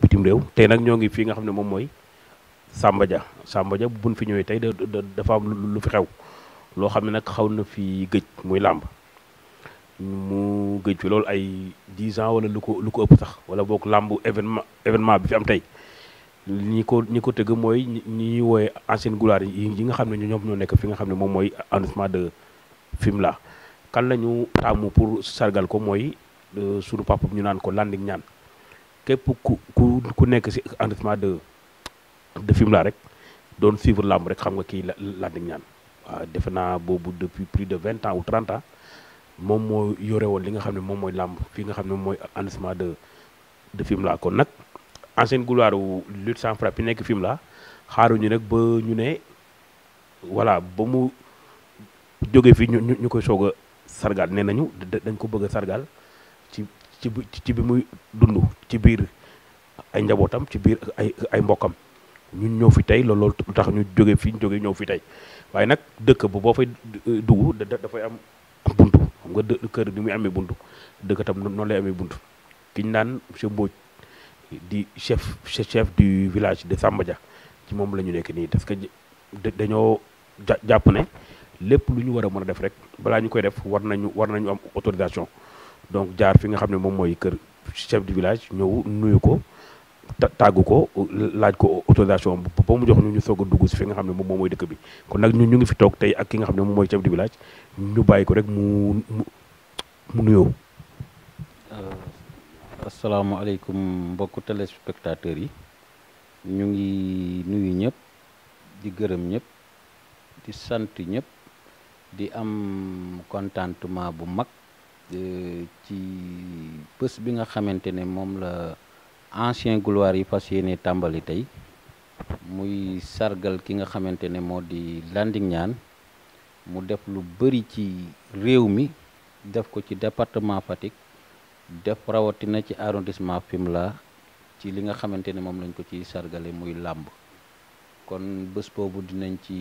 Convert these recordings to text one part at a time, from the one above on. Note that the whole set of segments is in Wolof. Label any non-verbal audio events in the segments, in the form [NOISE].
bitim réew tey nag ñoo ngi fii nga xam ne moom mooy Samba Dia Samba Dia buñ fi ñëwee tey dafa am lu fi xew loo xam ne nag xaw na fi gëj muy làmb mu gëj fi loolu ay 10 ans wala lu ko lu ko ëpp sax wala boog làmb événement événement bi fi am tey ñi ko ñi ko tëgg mooy ñi ñuy wooye ancienne gloire yi nga xam ne ñoom ñoo nekk fi nga xam ne moom mooy arrondissement de Fimela kan la ñu taamu pour sargal ko mooy euh, sunu papa ñu naan ko Landing ñaan képp ku ku ku nekk si arrondissement de de la rek doon suivre làmb rek xam nga kii Landing ñaan waaw defe naa boobu depuis plus de vingt ans ou trente moom moo yore woon li nga xam ne moom mooy làmb fii nga xam ne mooy arrondissement de de Fimela kon nag ancienne gloire wu lutte sans frappe yi nekk Fimela xaaruñu rek ba ñu ne voilà ba mu jógee fii ñu ñu koy soog a sargal nee nañu dañ ko bëgg a sargal ci bi ci bi muy dund ci biir ay njabootam ci biir ay ay mbokkam ñun ñëw fi tey loolu tax ñu joge fii ñu jóge ñëw fi tey waaye nag dëkk bu boo fay dugg dafay am buntu xam nga kër ni muy amee buntu dëkk tam noonu lay amee buntu ki ñu naan monsieur Mbodj di chef chef du village de Samba Dia ci moom la ñu nekk nii parce que dañoo jàpp ne lépp lu ñu war a mën a def rek balaa ñu koy def war nañu war nañu am autorisation donc jaar fi nga xam ne moom mooy kër chef du village ñëw nuyu ko tàggu ko laaj ko autorisation ba mu jox ñu ñu soog a dugg si fi nga xam ne moom mooy dëkk bi kon nag ñu ñu ngi fi toog tey ak ki nga xam ne moom mooy chef du village ñu bàyyi ko rek mu mu nuyoo. Euh, asalaamaaleykum mbokku yi ñu ngi nuyu ñëpp di gërëm ñëpp di sant ñëpp di am contentement bu mag. Euh, ci bés bi nga xamante ne moom la ancien gloire yi fas yéene tàmbali tey muy sargal ki nga xamante ne moo di Landing Niane mu def lu bëri ci réew mi def ko ci département Fatick def rawatina ci arrondissement Fimela ci li nga xamante ne moom lañ ko ci sargale muy làmb kon bés boobu dinañ ci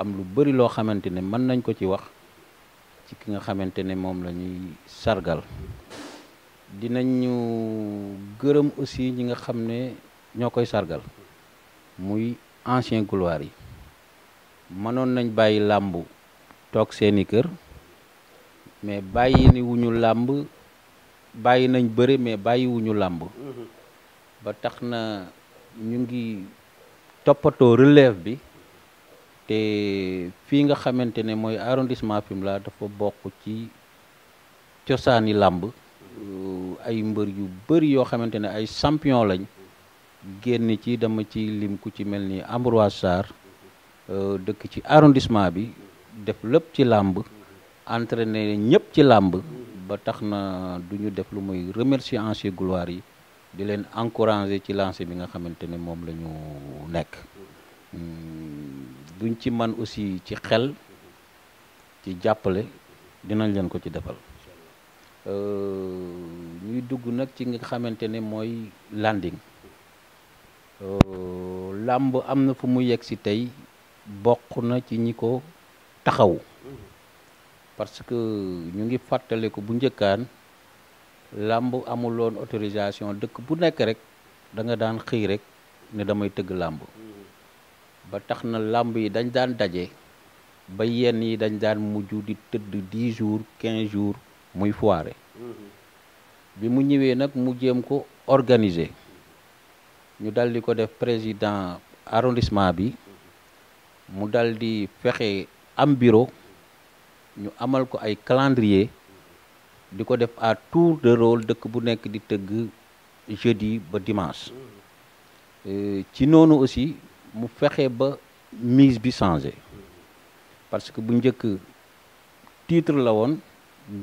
am lu bëri loo xamante ne mën nañ ko ci wax ci ki nga xamante ne moom la ñuy sargal ñu gërëm aussi ñi nga xam ne ñoo koy sargal muy ancien gloire yi mënoon nañ bàyyi làmb toog seeni kër mais bàyyi ni wuñu làmb bàyyi nañ bëre mais bàyyi wuñu làmb mm-hmm. ba tax na ñu ngi toppatoo relève bi te fii nga xamante ne mooy arrondissement fim laa dafa bokk ci cosaani làmb euh, ay mbër yu bëri yoo xamante ne ay champion lañ génn ci dama ci lim ku ci mel ni Ambroise Sarr euh, dëkk ci arrondissement bi def lépp ci làmb entraîné ñëpp ci làmb ba tax na duñu ñu def lu muy remercier ancien gloire yi di leen encourager ci lancé bi nga xamante ne moom la ñu nekk hmm. buñ ci man aussi ci xel ci jàppale dinañ leen ko ci defal euh, ñuy dugg nag ci nga xamante ne mooy landing euh, làmb am na fu mu yegg si tey bokk na ci ñi ko taxaw parce que ñu ngi fàttale ko bu njëkkaan làmb amuloon autorisation dëkk bu nekk rek da nga daan xëy rek ne damay tëgg làmb ba tax na làmb yi dañ daan daje ba yenn yi dañ daan mujj di tëdd dix jours quinze jours muy foire mhm. bi mu ñëwee nag mu jéem ko organiser ñu dal di ko def président arrondissement bi mu dal di fexe am bureau ñu amal ko ay calendrier di ko def à tour de rôle dëkk bu nekk di tëgg jeudi ba dimanche mhm. euh, ci noonu aussi mu fexe ba mise bi changé parce que bu njëkk titre la woon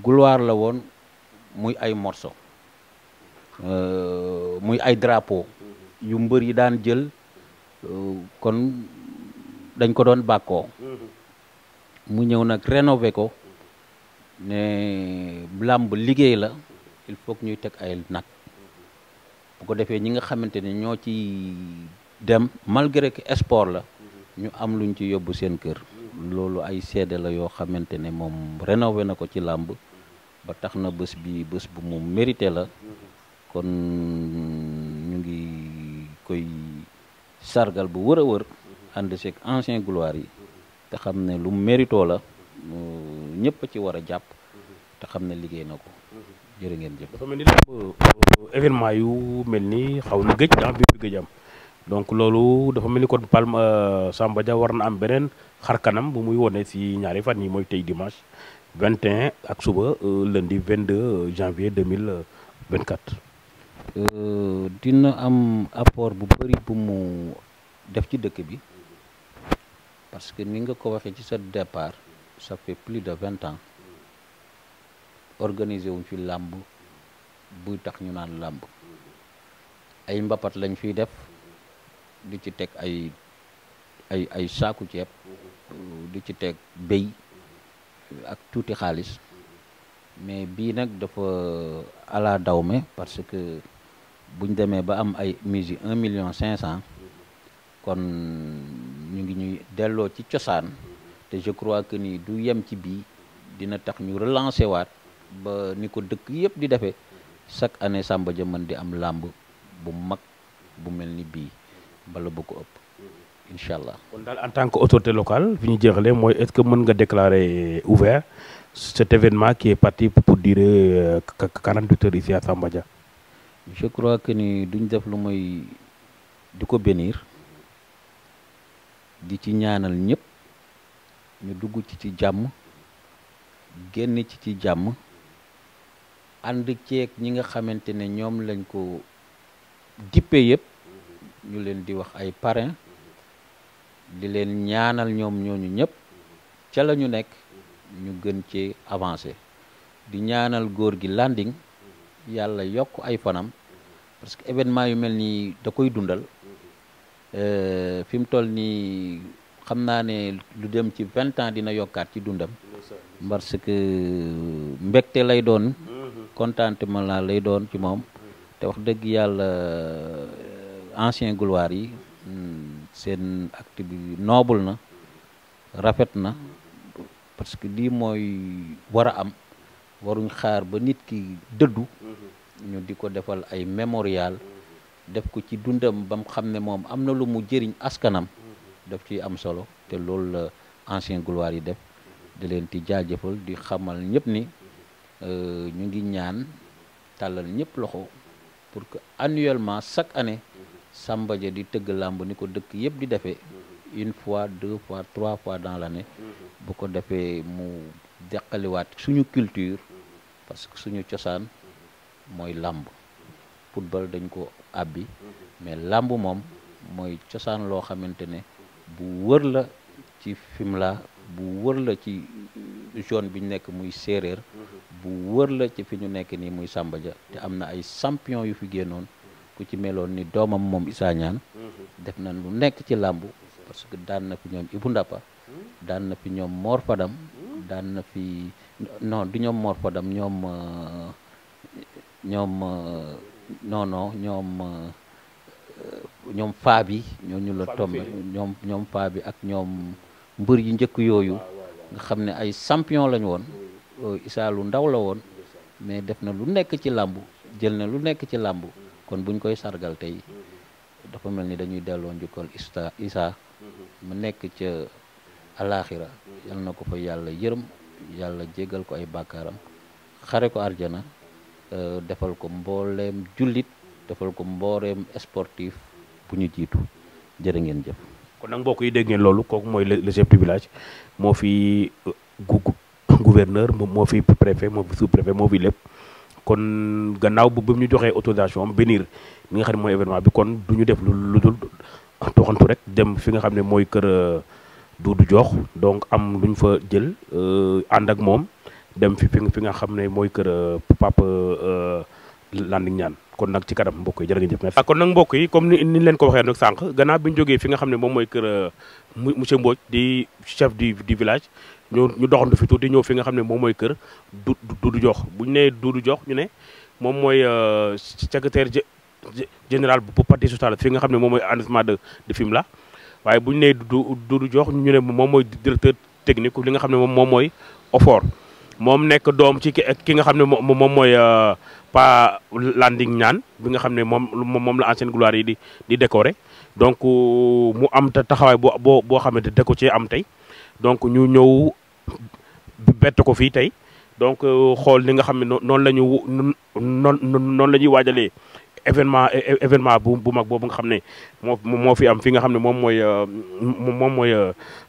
gloire la woon muy ay morceau euh, muy ay drapeau yu mbër yi daan jël euh, kon dañ ko doon bàkkoo mu ñëw nag rénové ko ne làmb liggéey la il faut que ñuy teg ay nag bu ko defee ñi nga xamante ne ñoo ci dem malgré que sport la ñu am luñ ci yóbbu seen kër loolu ay seede la yoo xamante ne moom rénové na ko ci làmb ba tax na bës bi bés bu mu mérité la kon ñu ngi koy sargal bu wër a wër ànd seeg ancien gloire yi te xam ne lu mérito la ñëpp ci war a jàpp te xam ne liggéey na ko jërë ngeen jëf mel ni euh, événement xaw na ah, donc loolu dafa mel ni kon Palm euh, Samba Dia war na am beneen xar kanam bu muy wone si ñaari fan yi mooy tey dimanche 21 ak suba euh, lundi 22 euh, janvier 2024. dina am apport bu bëri bu mu def ci dëkk bi parce que ni nga ko waxee ci sa départ ça fait plus de vingt ans organisé wuñ fi làmb buy tax ñu naan làmb ay mbapat lañ fi def. di ci teg ay ay ay saaku ceeb di ci teg béy ak tuuti xaalis mais bii nag dafa ala dawme parce que buñ demee ba am ay mise un million cinq cent kon ñu ngi ñuy delloo ci cosaan te je crois que nii du yem ci bii dina tax ñu relancer waat ba ni ko dëkk yëpp di defee chaque année Samba Dia mën di am làmb bu mag bu mel ni bii bala bu ko ëpp incha allah. kon daal en tant que autorité locale fi ñu jeexalee mooy est-ce que mën nga déclarer ouvert cet événement qui est parti pour durer euh, 48 heures ici à Tamba Dia. je crois que ni duñ def lu mooy di ko benir di ci ñaanal ñëpp ñu dugg ci ci jàmm génn ci ci jàmm ànd ceeg ñi nga xamante ne ñoom lañ ko dippe yëpp. ñu leen di wax ay parrain di leen ñaanal ñoom ñooñu ñëpp ca la ñu nekk ñu gën ci avancé di ñaanal góor gi landing yàlla yokk ay fanam parce que événement yu mel nii da koy dundal euh, fi mu toll nii xam naa ne lu dem ci vingt ans dina yokkaat ci dundam parce que euh, mbégte lay doon mm-hmm. contentement lay doon ci moom te wax dëgg yàlla ancien gloire yi hmm, seen acte bi noble na rafet na parce que lii mooy war a am waruñ xaar ba nit ki dëddu ñu di ko defal ay mémorial def ko ci dundam ba xam ne moom am na lu mu jëriñ askanam daf ci am solo te loolu la ancien gloire yi def di leen di jaajëfal di xamal ñëpp ni euh, ñu ngi ñaan tàllal ñëpp loxo pour que annuellement chaque année Samba Dia di tëgg làmb ni ko dëkk yëpp di defee mm-hmm. une fois deux fois trois fois dans la l'année mm-hmm. bu ko defee mu deqaliwaat suñu culture mm-hmm. parce que suñu cosaan mooy làmb football dañ ko àbbi mais làmb moom mooy cosaan loo xamante ne bu wër la ci Fimela bu wër la ci zone bi ñu nekk muy séeréer bu wër la ci fi ñu nekk nii muy Samba Dia te am na ay champion yu fi génnoon ku ci meloon ni doomam moom Issa ñaan def na lu nekk ci làmb parce que daan na fi ñoom Ibou Ndapha daan na fi ñoom Mor Fadam daan na fi non du ñoom Mor Fadam ñoom euh, ñoom euh, non non ñoom euh, ñoom bi la tombé ñoom ñoom ak ñoom mbër yu njëkk yooyu nga xam ne ay champion lañu woon Issa lu ndaw la woon mais def na lu nekk ci làmb jël na lu nekk ci làmb kon buñ koy sargal tey dafa mel ni dañuy delloo njukkal ista Isa mu nekk ca alaaxira yal na ko fa yàlla yërëm yàlla jégal ko ay bakkaaram xare ko arjana euh, defal ko mbooleem jullit defal ko mbooleem sportif bu ñu jiitu jërë ngeen jëf kon nag mbokk yi dégg loolu kooku mooy le chef village moo fi euh, gouverneur moo fi préfet moo fi sous préfet moo fi lépp kon gannaaw bu ñu joxee autorisation BNIR mi nga xam ne mooy événement bi kon du ñu def lu lu dul doxantu rek dem fi nga xam ne mooy kër euh, Doudou jox donc am lu ñu fa jël euh, ànd ak moom dem fi fi nga xam ne mooy kër euh, Papa Landing Niane kon nag ci kanam mbokk yi jërë ngeen ah, kon nag mbokk yi comme ni ni leen ko waxee nag sànq gannaaw bi ñu jógee fi nga xam ne moom mooy kër monsieur Mbodj di chef du du village. ñu ñu doxantu fi tuuti ñëw fi nga xam ne moom mooy kër du Doudou Diokh bu ñu nee Doudou Diokh ñu ne moom mooy euh, secrétaire général bu parti social fi nga xam ne moom mooy arrondissement de de la waaye bu ñu nee Doudou Diokh ñu ne moom mooy directeur technique li nga xam ne moom mooy OFOR moom nekk doom ci ki nga xam ne moom mooy euh, Pa Landing Niane bi nga xam ne moom moom la ancienne gloire yi di di décorer donc euh, mu am taxawaay boo boo boo xamante da ko cee am tey donc ñu ñëw. bett ko fii tey donc euh, xool li nga xam ne noonu la ñu noon noonu la ñuy waajalee événement événement bu bu mag boobu nga xam ne moo moo fi am fi nga xam ne moom mooy euh, moom mooy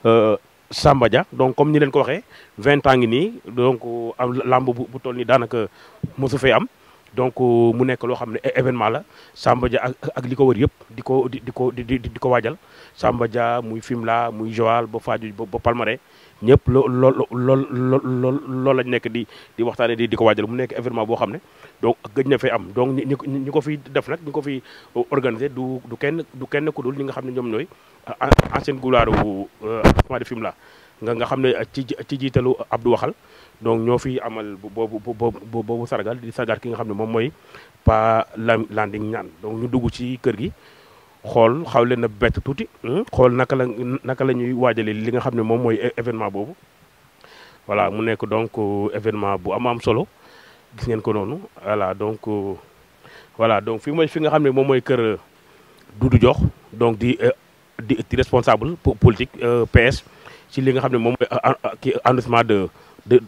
euh, Samba Dia donc comme ni leen ko waxee vingt ans ngi nii donc am làmb bu bu toll nii daanaka mosu fee am donc mu nekk loo xam ne événement la Samba Dia ak ak li ko wër yëpp di ko di ko di di ko waajal Samba Dia muy Fimela muy Joal ba Fadiouth ba Palmarin ñëpp loo lool lool lool lool lañ nekk di di waxtaane di di ko waajal mu nekk événement boo xam ne donc gëj na fee am donc ñi ñi ko fi def nag ñi ko fi euh, organisé du du kenn du kenn ku dul ñi nga xam ne ñoom ñooy euh, ancienne gloire arrondissement de Fimela nga nga xam ne ci ci jiitalu Abdou Waxal donc ñoo fi amal boobu boobu sargal di sargal ki nga xam ne moom mooy Pa Landing Niane donc ñu dugg ci kër gi xool xaw leen a bett tuuti. Hmm, xool naka la naka la ñuy waajalee li nga xam ne moom mooy événement boobu. voilà mu nekk donc euh, événement bu am am solo gis ngeen ko noonu voilà donc euh, voilà donc fi mooy fi nga xam ne moom mooy kër euh, du jox donc di di di responsable politique PS ci li nga xam ne moom mooy kii arrondissement de de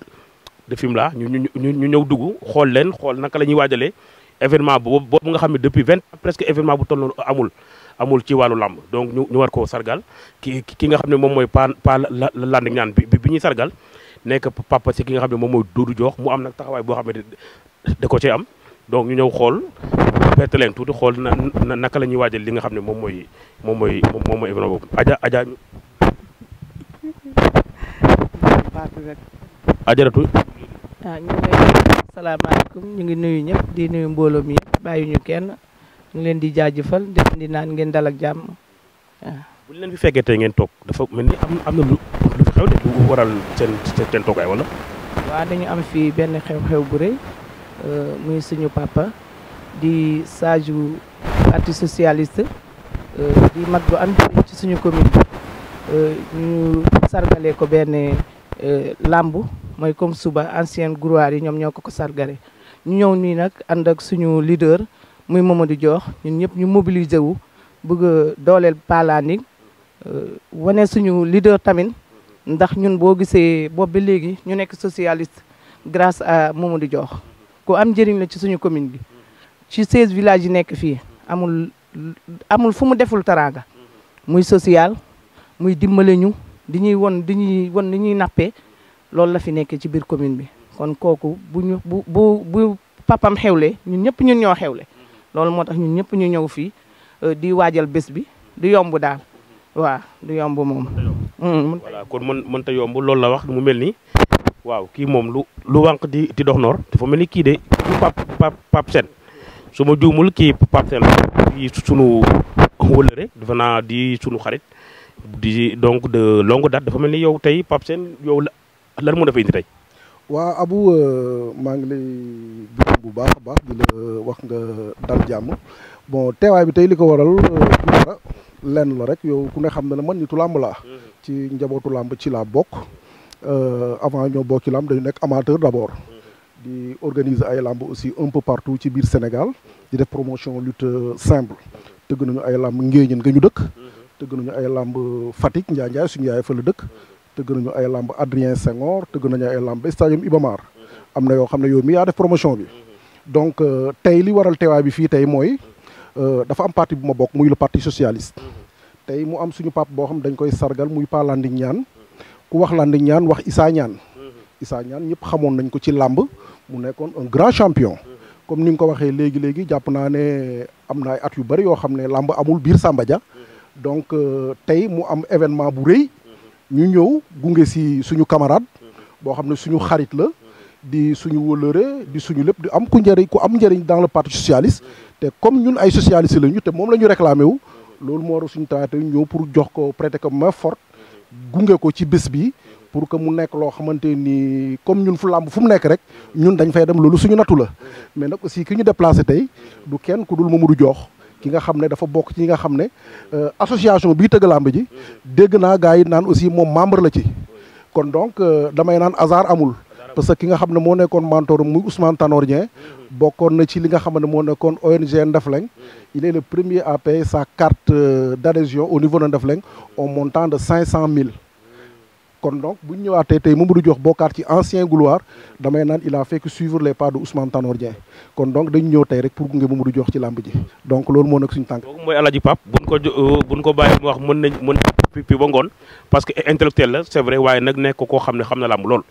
de Fimela ñu ñu ñu ñëw dugg xool leen xool naka la ñuy waajalee événement boobu nga xam ne depuis vingt presque événement bu toll noonu amul. amul ci wàllu làmb donc ñu ñu war koo sargal ki ki nga xam ne moom mooy pa pa Landing ñaan bi bi ñuy sargal nekk papa si ki nga xam ne moom mooy Doudou Diokh mu am nag taxawaay boo xam ne da ko ci am donc ñu ñëw xool berte leen tuuti xool na naka la ñuy waajal li nga xam ne moom mooy moom mooy moom mooy événement boobu aja aja ajaratu ah, waaw ñu ngi lay salaamaaleykum ñu ngi nuyu ñëpp di nuyu mbooloo mi yëpp bàyyi ñu kenn ñu leen di jaajëfal def di naan ngeen dal ak jàmm waaw. bu leen fi fekkee te ngeen toog dafa mel ni am am na lu lu xew de lu waral seen seen toogaay wala. waaw dañu am fii benn xew-xew bu rëy euh, muy suñu papa di sage bu parti socialist euh, di mag bu am ci suñu commune euh, sargalee ko benn làmb mooy comme suba ancienne gloire yi ñoom ñoo ko ko sargale ñu ñëw nii nag ànd ak suñu leader. muy di Diokh ñun ñëpp ñu mobiliser wu bëgg a dooleel Palanding euh, wane suñu leader tamit ndax ñun boo gisee bopp ba léegi ñu nekk socialiste grâce à Mamadou Diokh ko am njëriñ la ci suñu commune bi ci 16 village yi nekk fii amul amul fu mu deful teraanga muy social muy dimbale ñu di ñuy won di ñuy ñuy nappee loolu la fi nekk ci biir commune bi kon kooku bu ñu bu bu bu papam xewle ñun ñëpp ñun ñoo xewle loolu moo tax ñu ñëpp ñu ñëw fii euh, di waajal bés bi du yomb daal waaw du yomb moom. Mm, voilà kon mën mënta yomb loolu la wax mu mel ni. waaw kii moom lu lu wànq di di dox noor dafa mel ni kii de kii pap sen su ma juumul kii pap sen kii dafa naa di sunu xarit donc de longue date dafa mel ni yow tey pap sen yow la lan moo dafa indi tey. waa Abu euh, maa ngi lay dugg bu baax a baax di la euh, wax nga dal jàmm bon teewaay bi tey li ko waral euh, lenn la rek yow ku ne xam na ne man nitu làmb laa mhm. ci njabootu làmb ci laa bokk avant ñoo bokki làmb dañu nekk amateur d'abord mhm. di organiser ay làmb aussi un peu partout ci biir Sénégal di def promotion lutte simple mhm. tëgg nañu ay làmb ngéeñeen nga ñu dëkk tëgg nañu ay làmb Fatick Njaay Njaay suñu yaay fa la dëkk tëgg nañu ay lamb Adrien Senghor tëgg nañu ay làmb stadium Iba am na yoo xam ne yow mi yaa promotion bi donc euh, tey li waral teewaay bi fii tey mooy euh, dafa am partie bu ma bokk muy le parti socialiste tey mu am suñu pap boo xam dañ koy sargal muy Pa Landing Niane ku wax Landing ñaan wax Issa Niane Issa Niane ñëpp xamoon nañ ko ci làmb mu nekkoon un grand champion comme ni nga ko waxee léegi-léegi jàpp naa ne am na ay at yu bari yoo xam ne làmb amul biir Samba Dia donc euh, tey mu am événement bu rëy ñu ñëw gunge si suñu camarade boo xam ne suñu xarit la di suñu wëlëre di suñu lépp di am ku njëriñ ku am njëriñ dans le parti socialiste te comme ñun ay socialiste lañu te moom la ñu réclamé wu loolu moo war suñu taate ñëw pour jox ko prêter ko main forte gunge ko ci bés bi pour que mu nekk loo xamante ni comme ñun fu làmb fu mu nekk rek ñun dañ fay dem loolu suñu natu la mais nag aussi ki ñu déplacé tey du kenn ku dul mu Mamadou jox ki nga xam ne dafa bokk ci nga xam ne euh, association bii tëgg làmb ji dégg naa gars yi naan aussi moom membre la ci kon donc euh, damay naan hasard amul parce que ki nga xam ne moo nekkoon mentor muy Ousmane Tanor Dieng bokkoon na ci li nga xam ne moo nekkoon ONG Ndefleng il est le premier à payer sa carte euh, d'adhésion au niveau de Ndefleng au montant de cinq cent mille kon donc bu ñu ñëwaatee tey Mamadou Diokh bokkaat ci ancien gloire damay naan il a fait que suivre les pas de Ousmane Tanor Dieng kon donc dañu ñëw tey rek pour gunge Mamadou Diokh ci làmb ji donc loolu moo nag suñu tànk. boobu mooy Alaaji Pape buñ ko euh, buñ ko bàyyi mu wax mën nañ mën pi ngoon parce que intellectuel la c'est waaye nag nekk ko xam ne xam na làmb lool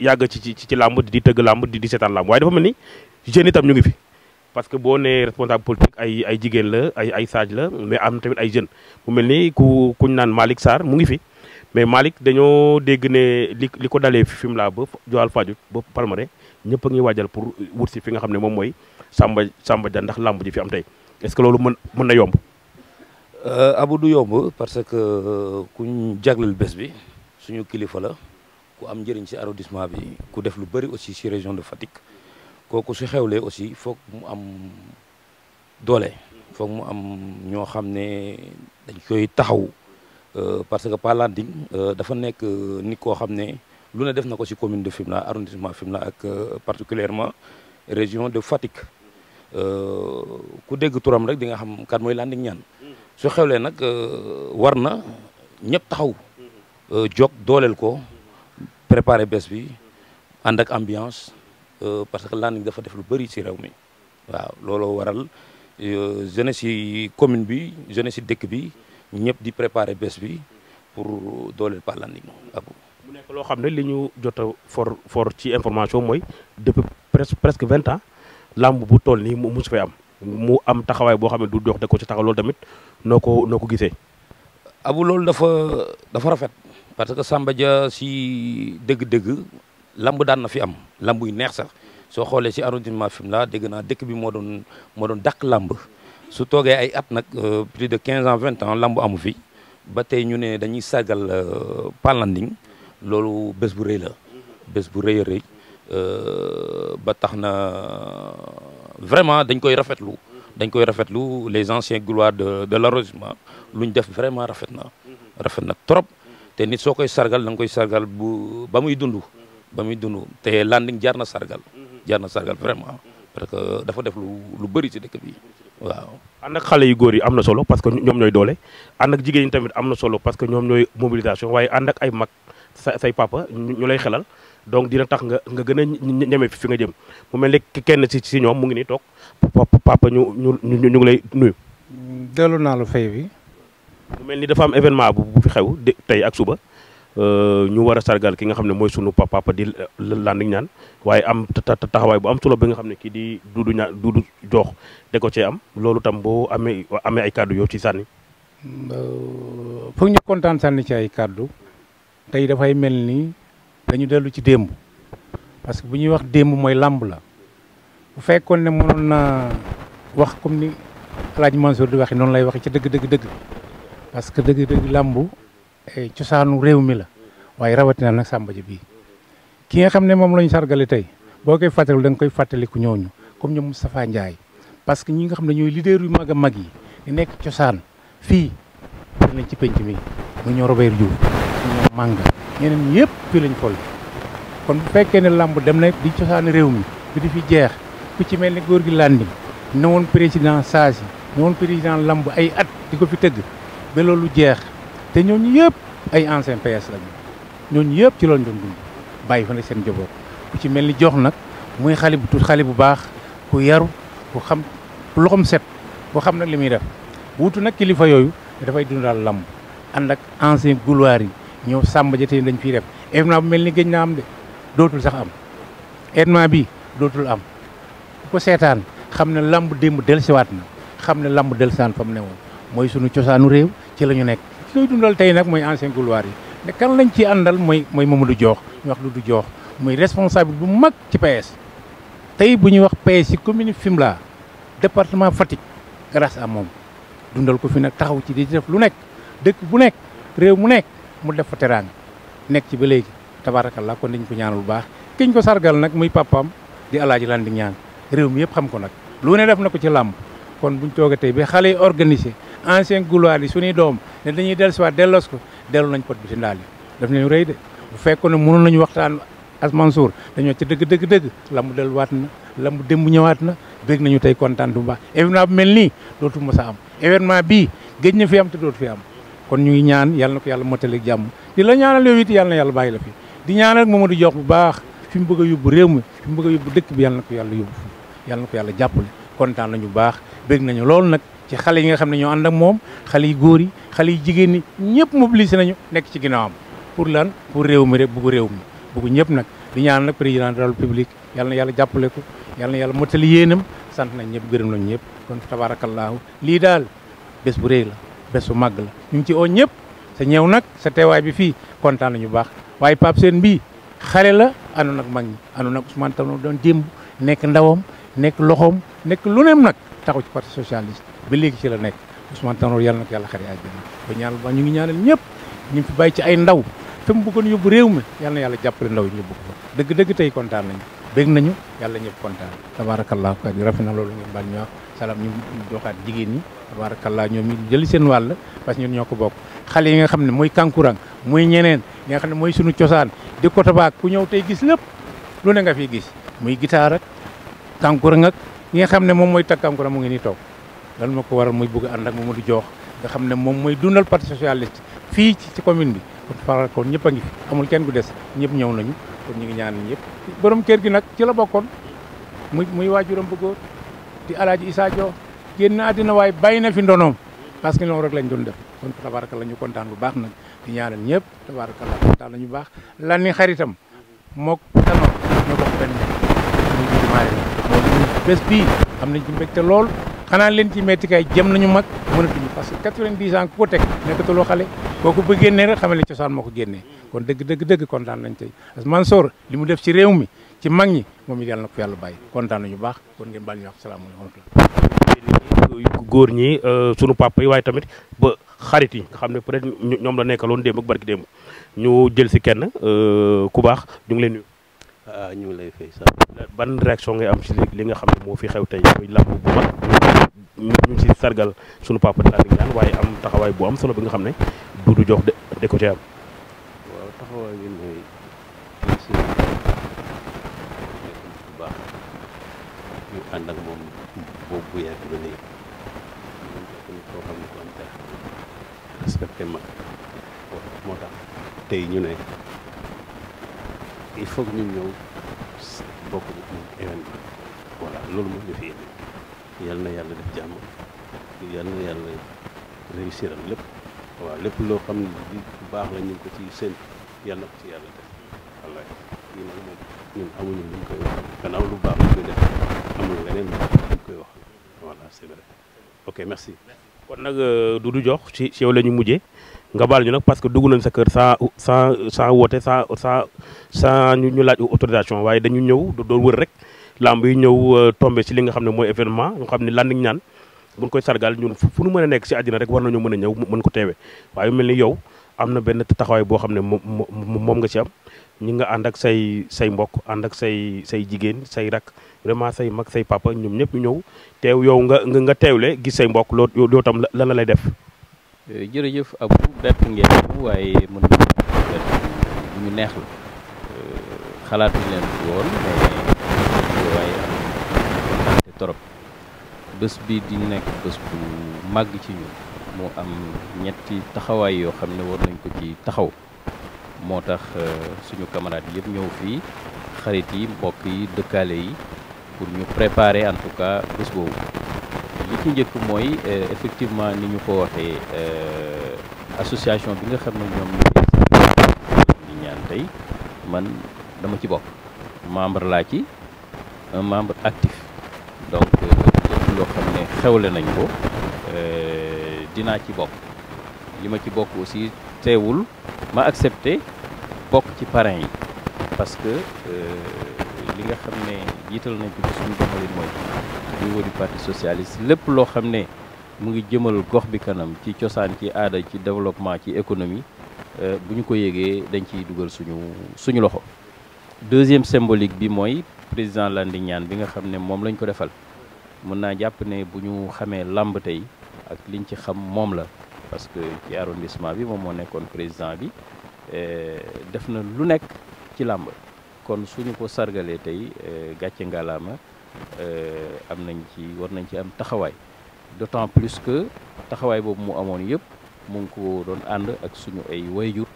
yàgg ci ci ci làmb di tëgg làmb di di seetaan làmb waaye dafa mel ni jeunes itam ñu ngi fi parce que boo nee responsable politique ay ay jigéen la ay ay la mais am tamit ay jeunes mel ni ku kuñ naan Malick Sarr mu ngi fi mais Malick dañoo dégg ne li li ko dalee Fimela ba Joal Fadiouth ba Palmarin ñëpp a ngi waajal pour wut si fi nga xam ne moom mooy Samba Samba Dia ndax làmb ji fi am tey est-ce que loolu mën mën na yomb. Euh, Abu du yomb parce que euh, kuñ jagleel bés bi suñu kilifa la ku am njëriñ si arrondissement bi ku def lu bëri aussi si région de Fatick kooku su xewlee aussi foog mu am doole. foog mu am ñoo xam ne dañ koy taxaw. Euh, parce que par Landing euh, dafa nekk euh, nit koo xam ne lu ne def na ko ci commune de Fimela arrondissement Fimela ak particulièrement région de Fatick ku dégg turam rek di nga xam kan mooy Landing Niane su xewlee nag war na taxaw jóg dooleel ko préparer bés bi ànd ak ambiance parce que Landing dafa def lu bëri ci réew mi waaw looloo waral jeunesse ci commune bi jeunesse ci dëkk bi ñëpp di préparer bés bi pour dooleel Paar Landing abu mu nekk loo xam ne li ñu jot for for ci information mooy depuis presque presque vingt ans làmb bu toll nii mu su fay am mu am taxawaay boo xam ne du jox da ko ci taxaw loolu tamit noo ko noo ko gisee. abu loolu dafa dafa rafet parce que Samba Dia si dëgg-dëgg lamb daan na fi am lamb yu neex sax soo xoolee si arrondissement Fimela dégg naa dëkk bi moo doon moo doon dàq làmb su toogee ay at nag euh, plus de 15 ans 20 ans lamb amu fi ba tey ñu ne dañuy sargal euh, Palanding loolu bés bu rëy la bés bu rëy a rëy euh, ba tax na vraiment dañ koy rafetlu dañ koy rafetlu les anciens gloires de de l'arrondissement lu ñu def vraiment rafet na rafet na trop te nit soo koy sargal da koy sargal bu ba muy dund ba muy dund te Landing jar na sargal jar sargal vraiment parce que dafa def lu lu bëri ci dëkk bi waaw. ànd ak xale yu góor yi am na solo parce que ñoom ñooy doole ànd ak jigéen ñi tamit am na solo parce que ñoom ñooy mobilisation waaye ànd ak ay mag sa say papa ñu lay xelal donc dina tax nga nga gën a ñeme fi nga jëm mu mel ni kenn ci si ñoom mu ngi nii toog papa ñu ñu ñu ngi lay nuyu. dellu naa lu fay bi. mu mel ni dafa am événement bu fi xew tey ak suba. Euh, ñu war a sargal ki nga xam ne mooy sunu papa di Landing Niane waaye am taxawaay boo am solo bi nga xam ne kii di dudu ña Doudou Diokh de ko cee am loolu tam boo amee amee ay kàddu yoo ci sànni. pour euh, ñu kontaan sànni ci ay kàddu tey dafay mel ni dañu dellu ci démb parce que bu ñuy wax démb mooy làmb la bu fekkoon ne mënoon naa wax comme ni El Hadj Mansour di waxee noonu lay waxee ci dëgg dëgg dëgg parce que dëgg dëgg làmb. Eh, cosaanu réew mi la waaye rawatina nag Samba Dia bii ki nga xam ne moom la ñu sargale tey boo koy fàttaliku danga koy fàttaliku ñooñu comme ñoom safaa njaay parce que ñi nga xam ne ñooy leader yu mag a mag yi di nekk cosaan fii fii lañ ci penc mi mu ñoo Robert Diouf ñoo Manga ñeneen yëpp fii lañ fol kon bu fekkee ne làmb dem na di cosaan réew mi bi di fi jeex ku ci mel ni góor gi Landing ne woon président saa si ne woon président làmb ay at di ko fi tëgg te ñooñu yëpp ay ancien PS lañu ñooñu yëpp ci loolu doon dund bàyyi fa nag seen njaboot ku ci mel ni jox nag muy xale bu tuut xale bu baax ku yaru ku xam loxom set ku xam nag li muy def wutu nag kilifa yooyu dafay dundal lamb ànd ak ancien gouloir yi ñëw sàmm jotee dañ fiy def événement bu mel ni gëj naa am de dootul sax am événement bi dootul am ku ko seetaan xam ne lamb démb dellusiwaat na xam ne lamb dellusiwaat fa mu ne woon mooy sunu cosaanu réew ci la nekk. koy dundal tey nag mooy ancien couloir yi mais kan lañ ci àndal mooy mooy Mamadou Diokh ñu wax Doudou Diokh muy responsable bu mag ci PS tey bu ñuy wax PS ci commune Fimela département Fatick grâce à moom dundal ko fi nag taxaw ci di def lu nekk dëkk bu nekk réew mu nekk mu def fa teraanga nekk ci ba léegi tabaarakallaa kon dañ ko ñaanal bu baax kiñ ko sargal nag muy papaam di alaaji di Niang réew mi yëpp xam ko nag lu ne def na ko ci làmb kon buñ toogee tey ancien gloire yi suñuy doom ne dañuy dellusiwaat delloos ko dellu nañ pot bi ci ndaal yi daf nañu rëy de bu fekkoon ne mënoon nañu waxtaan as Mansour dañoo ci dëgg dëgg dëgg la mu delluwaat na lamb mu démb ñëwaat na bég nañu tey kontaan bu baax événement bu mel nii dootu mos a am événement bii géej na fi am te dootu fi am kon ñu ngi ñaan yàlla na ko yàlla motali jàmm di la ñaanal yow it yàlla na yàlla bàyyi la fi di ñaanal Mamadou jox bu baax fi mu bëgg a yóbbu réew mi fi mu bëgg a yóbbu dëkk bi yàlla na ko yàlla yóbbu yàlla ko yàlla jàppale kontaan nañu baax bég nañu loolu nag ci xale yi nga xam ne ñoo ànd ak moom xale yu góor yi xale yu jigéen ñi ñëpp mobilisé nañu nekk ci ginnaawam pour lan pour réew mi rek bugg réew mi bugg ñëpp nag di ñaan nag président de la république yal na yàlla jàppale ko yal na yàlla motali yéenam sant nañ ñëpp gërëm nañ ñëpp kon tabaarakallaahu lii daal bés bu rëy la bés bu màgg la ñu ngi ci oo ñëpp sa ñëw nag sa teewaay bi fii kontaan nañu baax waaye Pape seen bii xale la àndoon nag mag ñi àndoon ak Ousmane Tanor doon démb nekk ndawam nekk loxoom nekk lu neem nag taxu ci parti socialiste ba léegi ci la nekk Ousmane Tanor yàlla na yàlla xare àjjana ko ñaanal ba ñu ngi ñaanal ñëpp ñu fi bàyyi ci ay ndaw te mu bëggoon yóbbu réew mi yàlla yàlla jàppale ndaw ñu yóbbu ko dëgg-dëgg tey kontaan nañu bég nañu yàlla ñëpp kontaan tabarakallah kat yi rafet na loolu ngeen baal ñu wax salaam ñu doxaat jigéen ñi tabarakallah ñoom ñu jëli seen wàll parce que ñun ñoo ko bokk xale yi nga xam ne mooy kankurang mooy ñeneen yi nga xam ne mooy suñu cosaan di ko ku ñëw tey gis lépp lu ne nga fi gis muy gitaar ak kankurang ak yi nga xam ne moom mooy takk kankurang mu ngi nii toog lan ma ko waral muy bëgg ànd ak Mamadou Diokh nga xam ne moom mooy dundal parti socialiste fii ci commune bi kon faral ñëpp ngi amul kenn ku des ñëpp ñëw nañu kon ñu ngi ñaan ñëpp borom kër gi nag ci la bokkoon muy muy waajuram bu góor di alaaji Issa Diokh génn àddina waaye bàyyi na fi ndonoom parce que loolu rek lañ doon def kon tabaaraka la ñu kontaan bu baax nag di ñaanal ñëpp tabaaraka la kontaan nañu baax lan ni xaritam mook tanoon ñoo bokk benn muy bés bii am nañ ci mbégte lool xanaa leen ci metti kay jëm nañu mag mënatuñu parce que 90 ans ku ko teg nekkatuloo xale boo ko bëggee ne rek xamal ne cosaan moo ko génnee kon dëgg dëgg dëgg kontaan nañ tey parce que Mansour li mu def ci réew mi ci mag ñi moom it yàlla na ko yàlla bàyyi kontaan nañu baax kon ngeen baal ñu wax salaamaaleykum. góor ñi euh, sunu papa yi waaye tamit ba xarit yi nga xam ne peut être ñoom la nekkaloon démb ak barki démb ñu jël si kenn euh, ku baax ñu ngi leen nuyu. Ah, ñu lay fay sax ban réaction nga am si li nga xam ne moo fi xew tey muy ñu si sargal sunu papa Talla Mignane waaye am taxawaay bu am solo bi nga xam ne du jox de ko ci am. waaw taxawaay bi mooy moom boobu bu yàgg ba moom dafa nekk koo ne ku am tax tey ñu ne il faut ñu ñëw bokk ci événement voilà loolu moo ñu fi indi. yal na yàlla def jàmm yal na yàlla réussir am lépp waaw lépp loo xam ne di baax la ñu ngi ko ci seen yal na ko ci yàlla def wallaay lu baax lu koy def amuñu ok merci kon nag euh, Doudou Diokh ci ci yow la ñu mujjee nga bal ñu nag parce que dugg nañ sa kër sans sans sa woote sans sans ñu ñu laaj autorisation waaye dañu ñëw doon wër rek làmb yi ñëw euh, tombé si li nga xam ne mooy événement ñu xam ne Landing Niane buñ koy sargal ñun fu nu mën a nekk ci àddina rek war nañu mën a ñëw mën ko teewee waaye mel ni yow am na benn taxawaay boo xam ne moom nga ci am ñi nga ànd ak say say mbokk ànd ak say say jigéen say rak vraiment say mag say papa ñoom ñëpp ñëw teew yow nga nga teewle gis say mbokk loo loo tam lan la lay def. Euh, jërëjëf Abou bett ngeen waaye mën nañu bett ñu neex la euh, xalaatuñ leen woon torop bés bi di nekk bés bu màgg ci ñun mu am ñetti taxawaay yoo xam ne war nañ ko ci taxaw moo tax euh, suñu camarades yëpp ñëw fii xarit yi bokk yi dëkkaale yi pour ñu préparer en tout cas bés boobu li ci njëkk mooy euh, effectivement ni ñu ko waxee euh, association bi nga xam ne ñoom ñi ñaan tey man dama ci bokk membre laa ci membre actif donc euh, lépp loo xam ne xewle nañ ko euh, dinaa ci bokk li ma ci bokk aussi teewul ma accepté bokk ci parrain yi parce que euh, li nga xam ne jiital nañ ko suñu doxalin mooy niveau du parti socialiste lépp loo xam ne mu ngi jëmal gox bi kanam ci cosaan ci aada ci développement ci économie bu ñu ko yégee dañ ciy dugal suñu suñu loxo deuxième symbolique bi mooy président Landing ñaan bi nga xam ne moom lañ ko defal mën naa jàpp ne bu ñu xamee làmb tey ak liñ ci xam moom la parce que ci arrondissement bi moom moo nekkoon président bi eh, def na lu nekk ci làmb kon suñu ko sargalee tey eh, gàcce ngalaama eh, am nañ ci war nañ ci am taxawaay d'autant plus que taxawaay boobu mu amoon yëpp mu ngi ko doon ànd ak suñu ay wayjur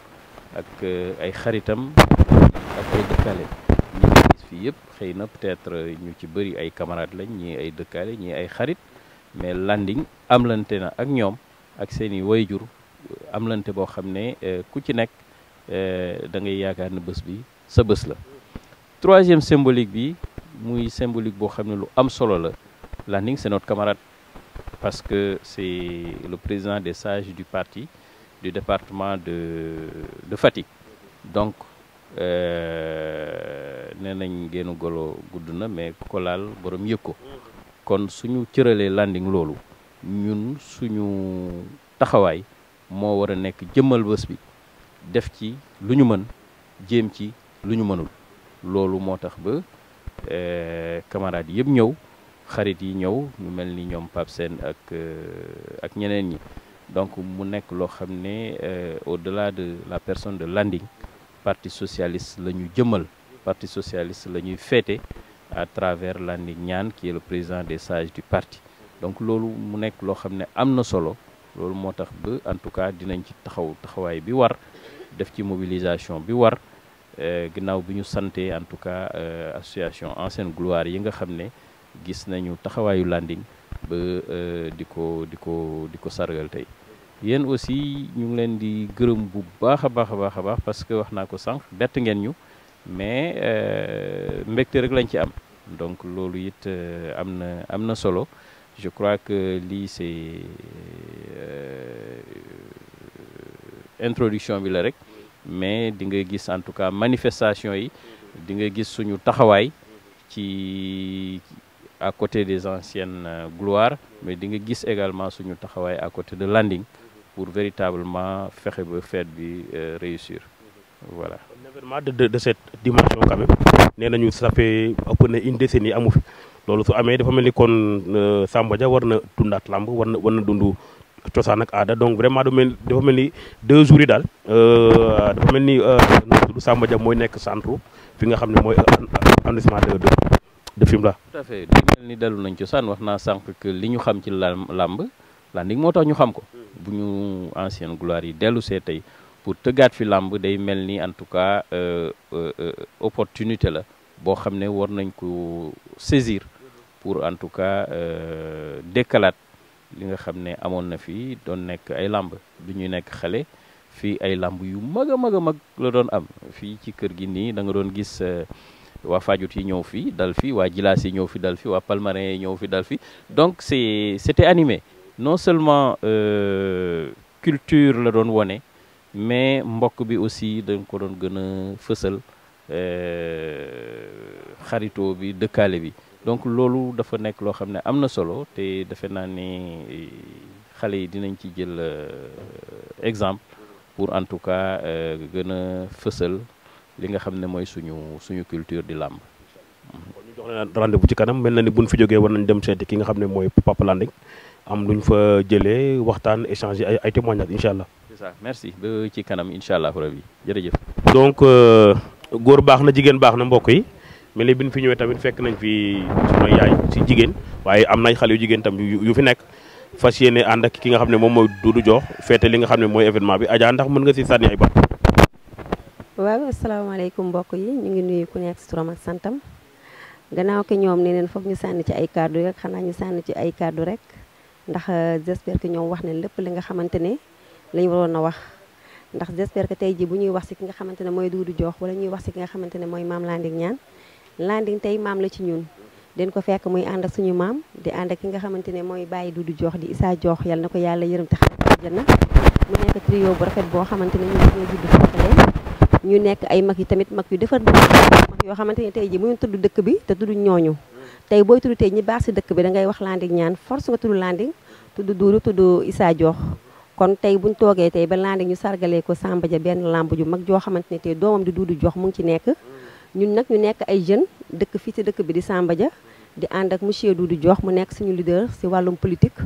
ak ay xaritam ak ay dëkkale fii yëpp xëy na peut-être ñu ci bëri ay camarades lañ ñii ay dëkkaale ñii ay xarit mais Landing amlante na ak ñoom ak seen i wayjur amlante boo xam ne euh, ku ci nekk euh, da ngay yaakaar ne bés bi sa bés la. troisième symbolique bi muy symbolique boo xam ne lu am solo la Landing c'est notre camarade parce que c'est le président de sages du parti du département de de Fatick donc. Euh, nee nañ génnu golo gudd na mais ku ko laal borom yëg ko kon suñu cëralee landing loolu ñun suñu taxawaay moo war a nekk jëmmal bés bi def ci lu ñu mën jéem ci lu ñu mënul loolu moo tax ba euh, camarades yëpp ñëw xarit yi ñëw ñu mel ni ñoom Pape Sène ak euh, ak ñeneen ñi donc mu nekk loo xam ne au-delà de la personne de Landing parti socialiste la ñu jëmal parti socialiste la ñuy féete à travers Landing ñaan qui est le président des sages du parti donc loolu mu nekk loo xam ne am na solo loolu moo tax ba en tout cas dinañ ci taxaw taxawaay bi war def ci mobilisation bi war euh, ginnaaw bi ñu sante en tout cas euh, association ancienne gloire yi nga xam ne gis nañu taxawaayu Landing ba euh, di ko di ko di ko sargal tey yéen aussi ñu ngi leen di gërëm bu baax a baax a baax a baax parce que wax naa ko sànq bett ngeen ñu mais euh, mbégte rek lañ ci am donc loolu it euh, am na am na solo je crois que lii c'est euh, introduction bi la rek mais di nga gis en tout cas manifestation yi di nga gis suñu taxawaay ci à côté des anciennes gloires mais di nga gis également suñu taxawaay à côté de Landing pour véritablement fexe ba fête bi euh, réussir voilà. un événement de de cette dimension quand même nee nañu ça fait ëpp na une décennie amu fi loolu su amee dafa mel ni kon euh, Samba Dia war na dundaat làmb war na war na dund cosaan ak aada donc vraiment dafa mel dafa mel ni deux jours yi daal euh, dafa mel ni Samba Dia mooy nekk centre fi nga xam ne mooy arrondissement de de Fimela. tout à fait di mel ni dellu nañ cosaan wax naa sànq que li ñu xam ci làmb. Landing moo tax ñu xam ko hmm. bu ñu ancienne gloire yi dellu see tey pour tëggaat fi làmb day mel ni en tout cas euh, euh, euh, opportunité la boo xam ne war nañ ko saisir pour en tout cas dékalaat li nga xam ne amoon na fi doon nekk ay làmb du ñuy nekk xale fii ay làmb yu mag a mag a mag la doon am fii ci kër gi nii da nga doon gis waa Fajut yi ñëw fi dal fi waa Jilaas yi ñëw fi dal fi waa Palmarin yi ñëw fi dal fi donc c'est c'était anime non seulement euh, culture la doon wone mais mbokk bi aussi dañ ko doon gën a fësal euh, xaritoo bi dëkkaale bi donc loolu dafa nekk loo xam ne am na solo te defe naa ni eh, xale yi dinañ ci jël euh, exemple pour en tout cas gën a fësal li nga xam ne mooy suñu suñu culture di làmb. kon ñu jox ci kanam mel na ni buñ fi jógee war nañ dem seeti ki nga xam ne mooy Papa Landing am lu ñu fa jëlee waxtaan échanger ay ay témoignages incha allah. c'est merci ci kanam incha allah rabi jërëjëf. donc euh, góor baax na jigéen baax na mbokk yi mais léegi bi fi ñëwee tamit fekk nañ fi sunu yaay si jigéen waaye am nañ xale yu jigéen tam yu fi nekk fas yéene ànd ak ki nga xam ne moom mooy Doudou Dior feete li nga xam ne mooy événement bi Adja ndax mën nga si sànni ay baat. waaw asalaamaaleykum mbokk yi ngi nuyu ku nekk si turam ak santam gannaaw ke ñoom nee neen foog ñu sànni ci ay kàddu rek xanaa ñu sànni ci ay kàddu rek ndax euh, j'espère que ñoom wax nañ lépp li nga xamante ne lañ waroon a wax ndax j'espère que tey ji bu ñuy wax si ki nga xamante ne mooy Doudou Diokh wala ñuy wax si ki nga xamante ne mooy maam Landing ñaan Landing tey maam la ci ñun den ko fekk muy ànd suñu maam di ànd ki nga xamante ne mooy bàyyi Doudou Diokh di Issa Diokh yal na ko yàlla yërëm te xarit na mu nekk trio bu rafet boo xamante ne ñu nekk ay mag yi tamit mag yu defar mag yoo xamante ne tey ji mu tudd dëkk bi te tudd ñooñu tey booy tudd tey ñi baax si dëkk bi da ngay wax Landing ñaan force nga tudd Landing tudd Duuru tudd Issa Diokh kon tey buñ toogee tey ba Landing ñu sargalee ko Samba Dia benn lamb ju mag joo xamante ne tey doomam di Duudu Diokh mu ngi ci nekk ñun nag ñu nekk ay jeunes dëkk fii si dëkk bi di Samba di ànd ak monsieur Doudou Diokh mu nekk suñu leader si wàllum politique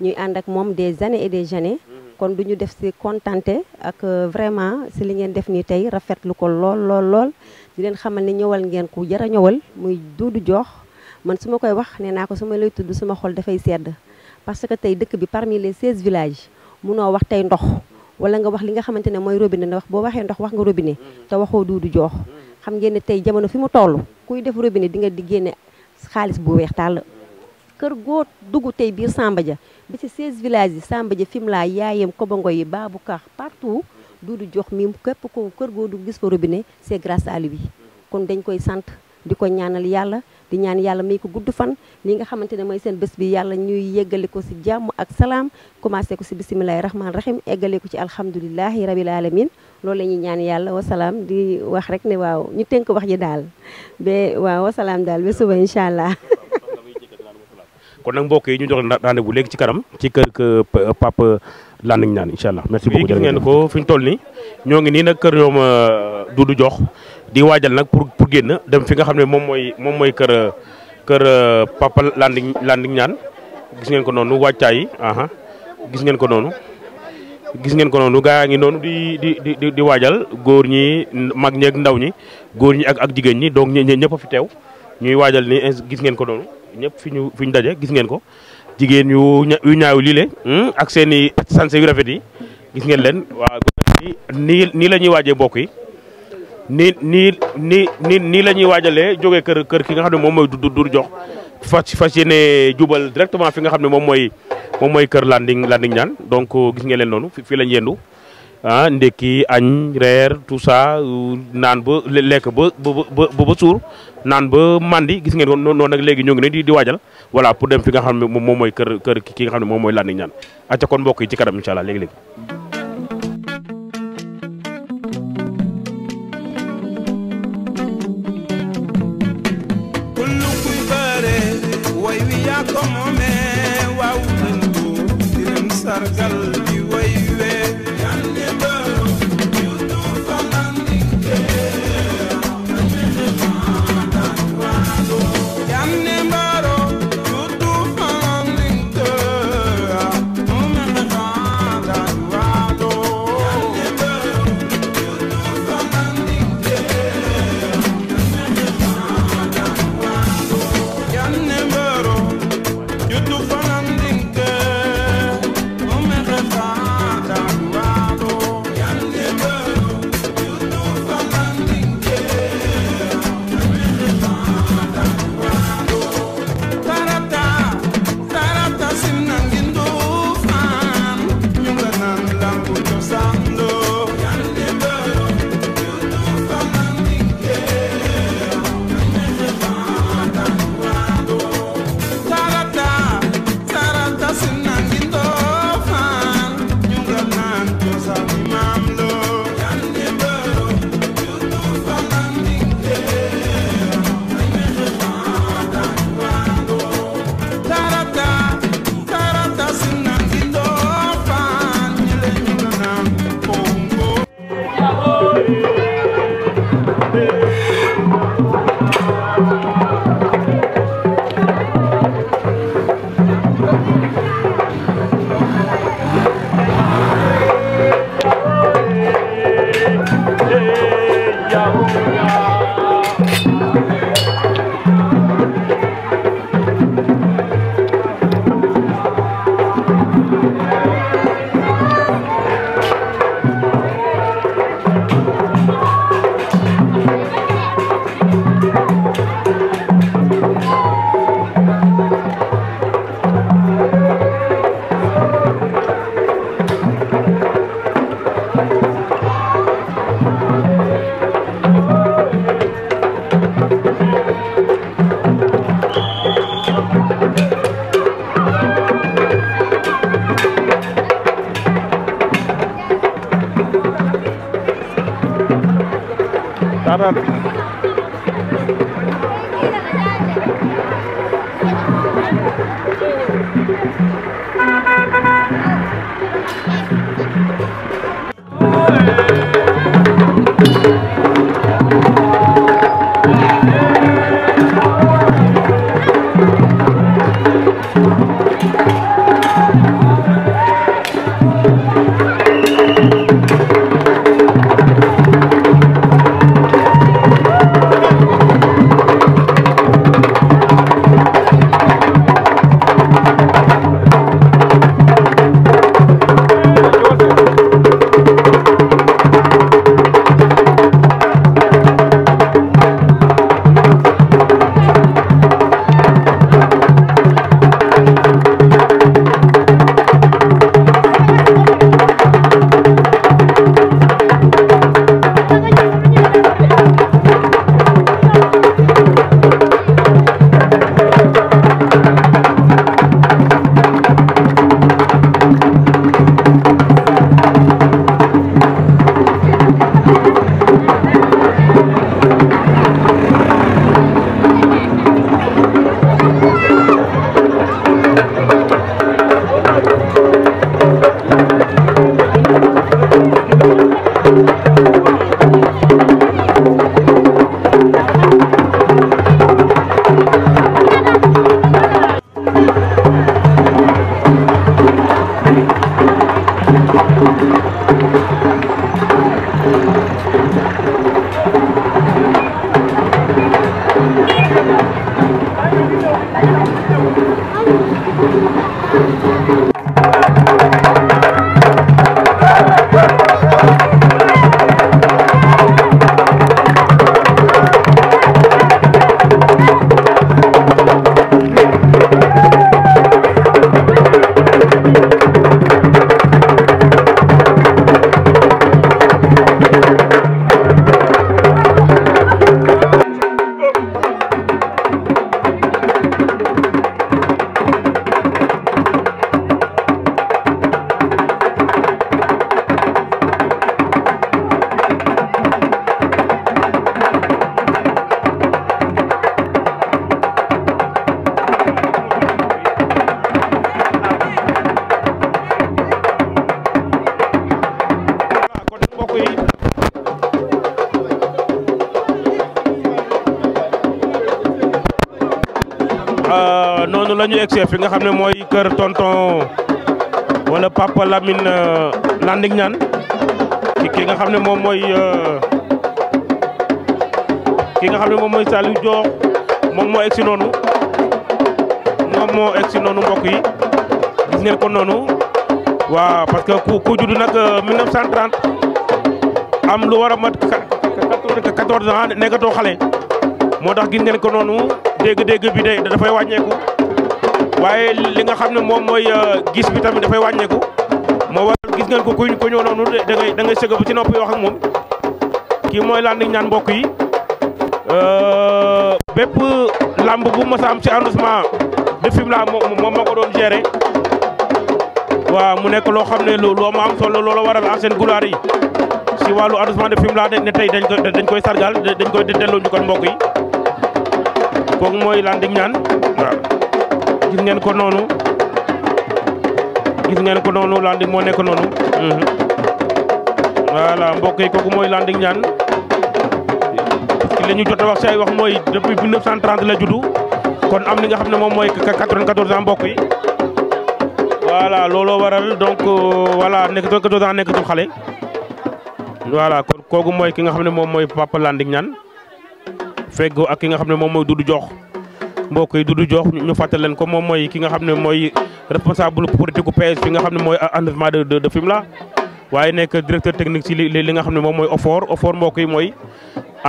ñuy ànd ak moom des années et des années kon du ñu def si contenté ak euh, vraiment si li ngeen def nii tey rafetlu ko lool lool lool di leen xamal ni ñëwal ngeen ku jara ñëwal muy Doudou jox man su ma koy wax nee naa ko su ma lay tudd suma xol dafay sedd parce que tey dëkk bi parmi les village villages munoo wax tey ndox wala nga wax li nga xamante ne mooy robinet ndax boo waxee ndox wax nga robinet mhm. te waxoo duudu joox mhm. xam ngeen ne tey jamono fi mu toll kuy def robine di nga di génne xaalis bu weex tàll mhm. kër goo dugg tey biir Samba Dia bi ci 16 village yi Samba Dia Fimela Yaayem Kobango yi Babou Kaax partout duudu jox mi képp ko kër goo dugg gis fa robinet c'est grâce à lui kon dañ sant di yàlla di ñaan yàlla may ko gudd fan li nga xamante ne mooy seen bés bi yàlla ñuy yéggale ko si jàmm ak salaam commencé ko si bisimilahi rahmaani rahim eggale ko ci alhamdulilahi rabil alamin loolu la ñuy ñaan yàlla wasalaam di wax rek ne waaw ñu tënk wax ji daal ba waaw wasalaam daal ba suba incha allah kon nag mbokk yi ñu jox daane bu léegi ci kanam ci kër Pape Landing Niane incha allah merci beaucoup jërëjëf ngeen ko fi ñu toll nii ñoo ngi nii nag kër ñoom euh, Doudou Diokh di waajal nag pour pour génn dem fi nga xam ne moom mooy moom mooy kër kër euh, papa landing landing ñaan gis ngeen ko noonu waajtaay yi aha gis ngeen ko noonu gis ngeen ko noonu gaa ngi noonu di di di di waajal góor ñi mag ñeeg ndaw ñi góor ñi ak ak jigéen ñi donc ñëpp a fi teew ñuy waajal ni gis ngeen ko noonu ñëpp fi ñu fi ñu daje gis ngeen ko jigéen yu yu ñaaw lii hmm, ak seen i sanse yu rafet yi gis ngeen leen waa ni nii la ñuy waajee mbokk yi ni nii nii nii nii la ñuy waajalee jógee kër kër ki nga xam ne moom mooy du dur jox fas fas yéene jubal directement fi nga xam ne moom mooy moom mooy kër landing landing ñaan donc euh, gis ngeen leen noonu fii lañ yendu ah ndekki añ reer tout ça euh, naan ba lekk ba ba ba suur naan ba mandi gis ngeen ko noonu nag léegi ñoo ngi ne di di waajal voilà pour dem fi nga xam moom mooy kër kër ki nga xam ne moom mooy landing ñaan acca kon mbokk yi ci kanam incha allah léegi Thank you. jógee fi nga xam ne mooy kër tonton wala papa Lamine euh, Landing ñaan ki nga xam ne moom mooy euh, ki nga xam ne moom mooy Saliou moom moo egsi noonu moom moo egsi noonu mbokk yi gis ngeen ko noonu waaw parce que ku ku judd nag 1930 euh, am lu war a mat 14 ans nekkatoo xale moo tax gis ngeen ko noonu dégg-dégg bi day dafay wàññeeku. waaye li nga xam ne moom mooy euh, gis bi tamit dafay wàññeeku moo waral gis ngeen ko ku ñu ñëw noonu da ngay da ngay sëgg bu ci noppi wax ak moom kii mooy Landing ñaan mbokk yi euh, bépp lamb bu mos a am ci arrondissement de moom moo ko doon gérer waaw mu nekk loo xam ne lu lu am solo loola waral ancienne gloire yi si wàllu arrondissement de Fimela tey dañ koy dañ koy sargal dañ koy delloo ñu kon mbokk yi kooku mooy Landing ñaan gis ngeen ko noonu gis ngeen ko noonu landing moo nekk noonu mhm. voilà mbokk yi kooku mooy landing ñaan ki la ñu jot a wax si wax mooy depuis 1930 la juddu kon am li nga xam ne moom mooy 94 ans mbokk yi looloo waral donc euh, voilà nekk 94 xale voilà kon kooku mooy ki nga xam ne moom mooy Papa Landing ñaan feggoo ak ki nga xam ne moom mooy Doudou Diokh mbokk yi du Diop ñu fàttali leen ko moom mooy ki nga xam ne mooy responsable politique gu PS bi nga xam ne mooy enlèvement de de Fimela waaye nekk directeur technique ci li li nga xam ne moom mooy OFOR OFOR mbokk yi mooy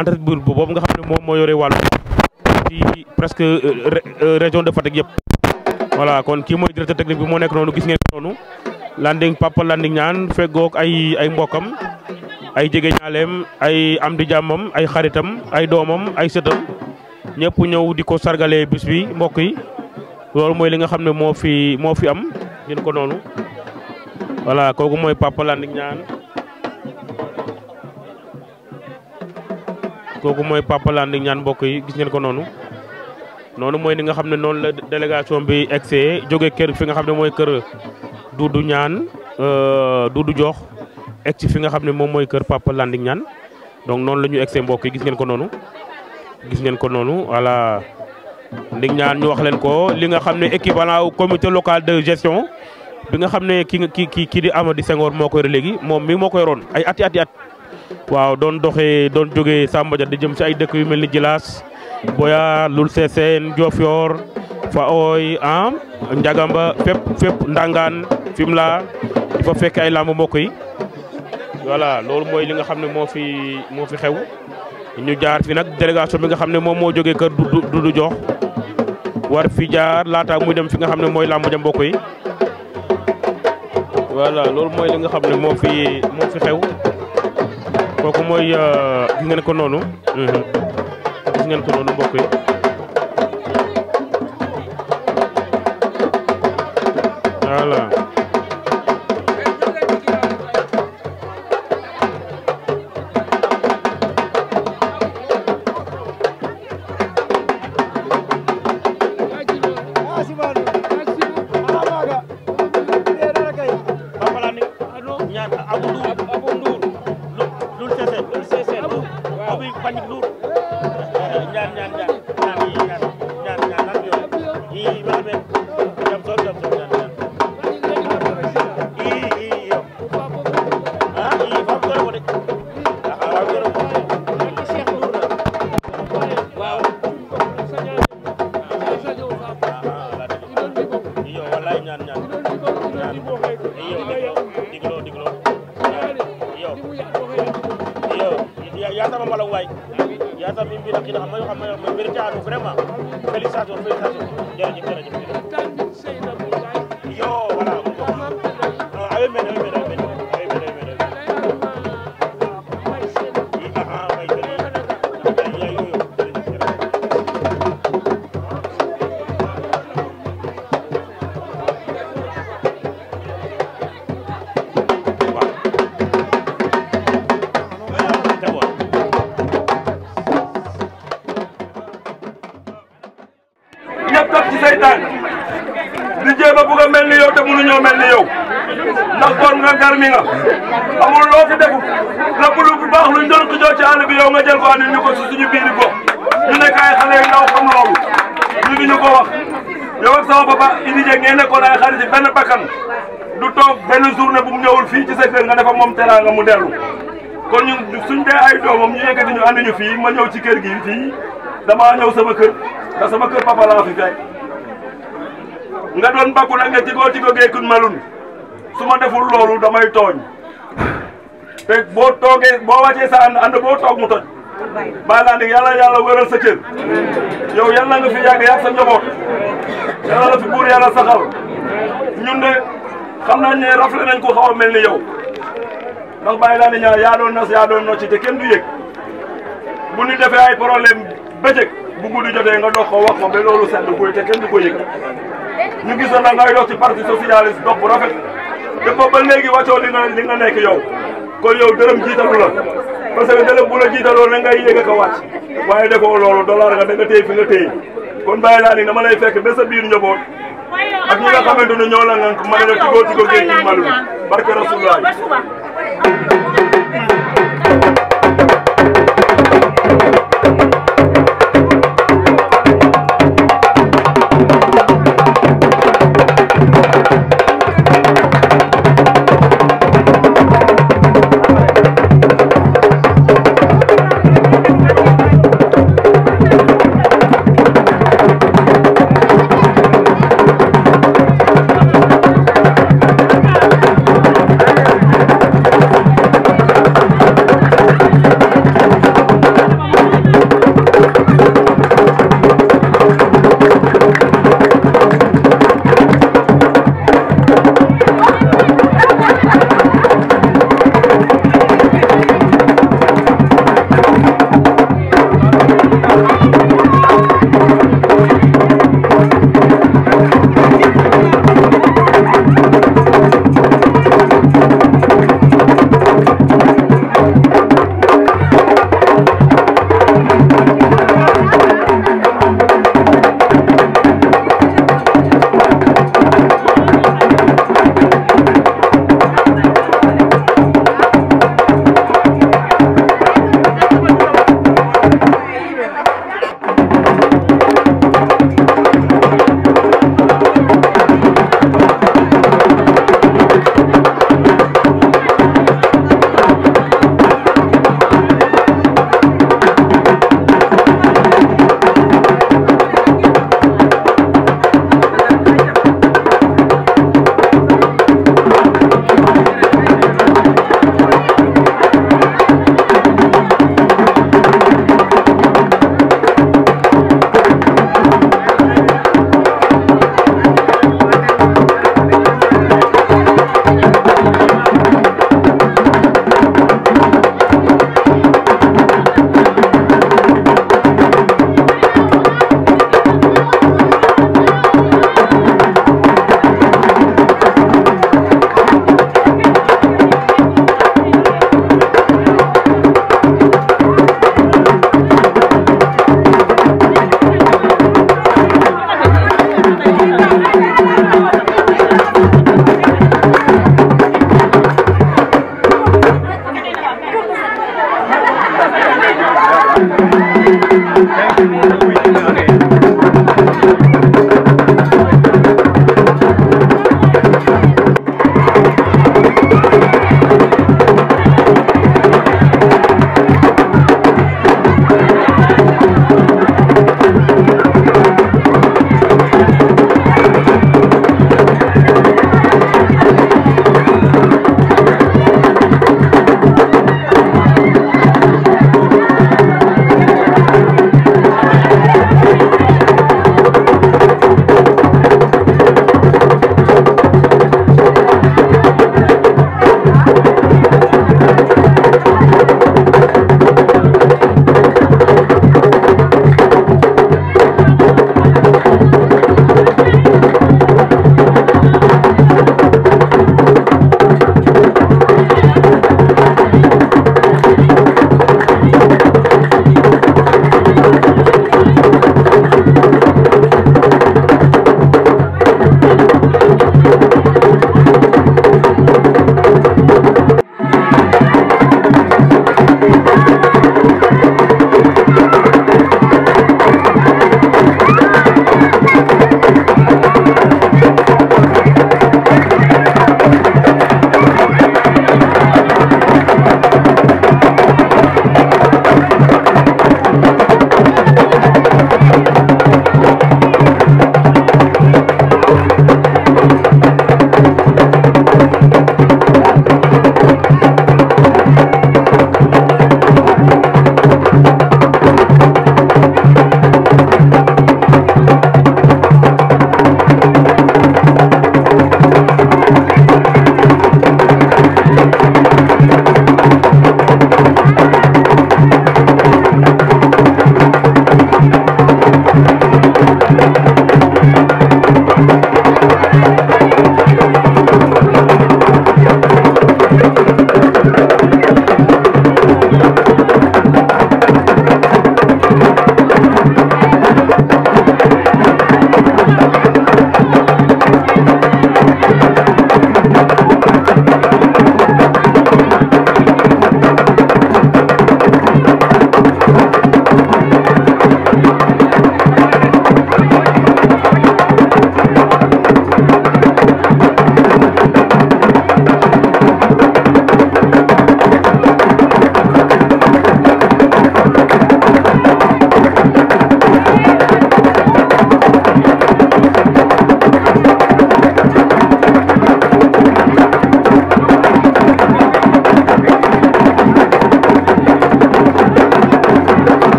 entreprise boobu nga xam ne moom moo yore wàllu ci presque euh, euh, région de Fatick yëpp. voilà kon kii mooy directeur technique bi moo nekk noonu gis ngeen noonu Landing Papa Landing ñaan feggoog ay ay mbokkam ay jege ñaaleem ay am di jàmmam ay xaritam ay doomam ay sëtam. ñëpp ñëw di ko sargalee bis bi mbokk yi loolu mooy li nga xam ne moo fi moo fi am ngeen ko noonu voilà kooku mooy Papa Landing kooku mooy Papa Landing mbokk yi gis ngeen ko noonu noonu mooy li nga xam ne noonu la délégation bi egsee jóge kër fi nga xam ne mooy kër Doudou Niane euh, Doudou Jox egsi fi nga xam ne moom mooy kër Papa Landing ñaan donc noonu la ñu egsee mbokk yi gis ngeen ko noonu gis ngeen ko noonu voilà ndig ñu wax leen ko li nga xam ne équivalent au comité local de gestion bi nga xam ne kii ki ki ki di Amady Senghor moo koy léegi moom mi moo koy roon ay ati ati at waaw doon doxe doon jógee Samba Dia di jëm si ay dëkk yu mel ni Djilas Boya Loul Sessène Diofior fa ooy am Ndiagamba fépp fépp Ndangaan Fimela di fa fekk ay làmb mbokk yi voilà loolu mooy li nga xam ne moo fi moo fi xew ñu jaar fi nag délégation bi nga xam ne moom moo jógee kër Dudu Jox war fi jaar laata muy dem fi nga xam ne mooy làmb ja mbokk yi voilà loolu mooy li nga xam ne moo fi moo fi xew kooku mooy euh, gis ngeen ko noonu mhm. gis ngeen ko noonu mbokk yi voilà wàññi duur ñaan ñaan sa kër nga dafa moom teraanga mu dellu kon ñu suñ dee ay doomam ñu yëkkati ñu ñu fii ma ñëw ci kër gi fii damaa ñëw sama kër ndax sama kër papa laa fi fekk nga doon bakku nag nga tigoo tigoo geekun melun su ma deful loolu damay tooñ te boo toogee boo wàccee sa ànd ànd boo toog mu toj bàyyi laa ne yàlla yàlla wéral sa cër yow yàlla nga fi yàgg yàgg sa njaboot yàlla fi buur yàlla saxal ñun de xam nañ ne rafle nañ ko xaw a mel ni yow ndax bàyyi laa ne ñaa yaa doon nas yaa doon nocci te kenn du yëg bu ñu defee ay problème bëccëg bu guddi jotee nga dox ko wax ko ba loolu sedd buy te kenn du ko ci parti socialiste dox bu rafet te boobu ba léegi wàccoo li yow kon yow dërëm jiitalu la parce que dërëm bu la jiitaloo na ngay yëg ak a wàcc waaye defoo loolu dollar nga da nga téye fi nga téye kon ni dama lay fekk ba sa biir njaboot ak ñi nga xamante ne ñoo la a la tigoo tigoo géej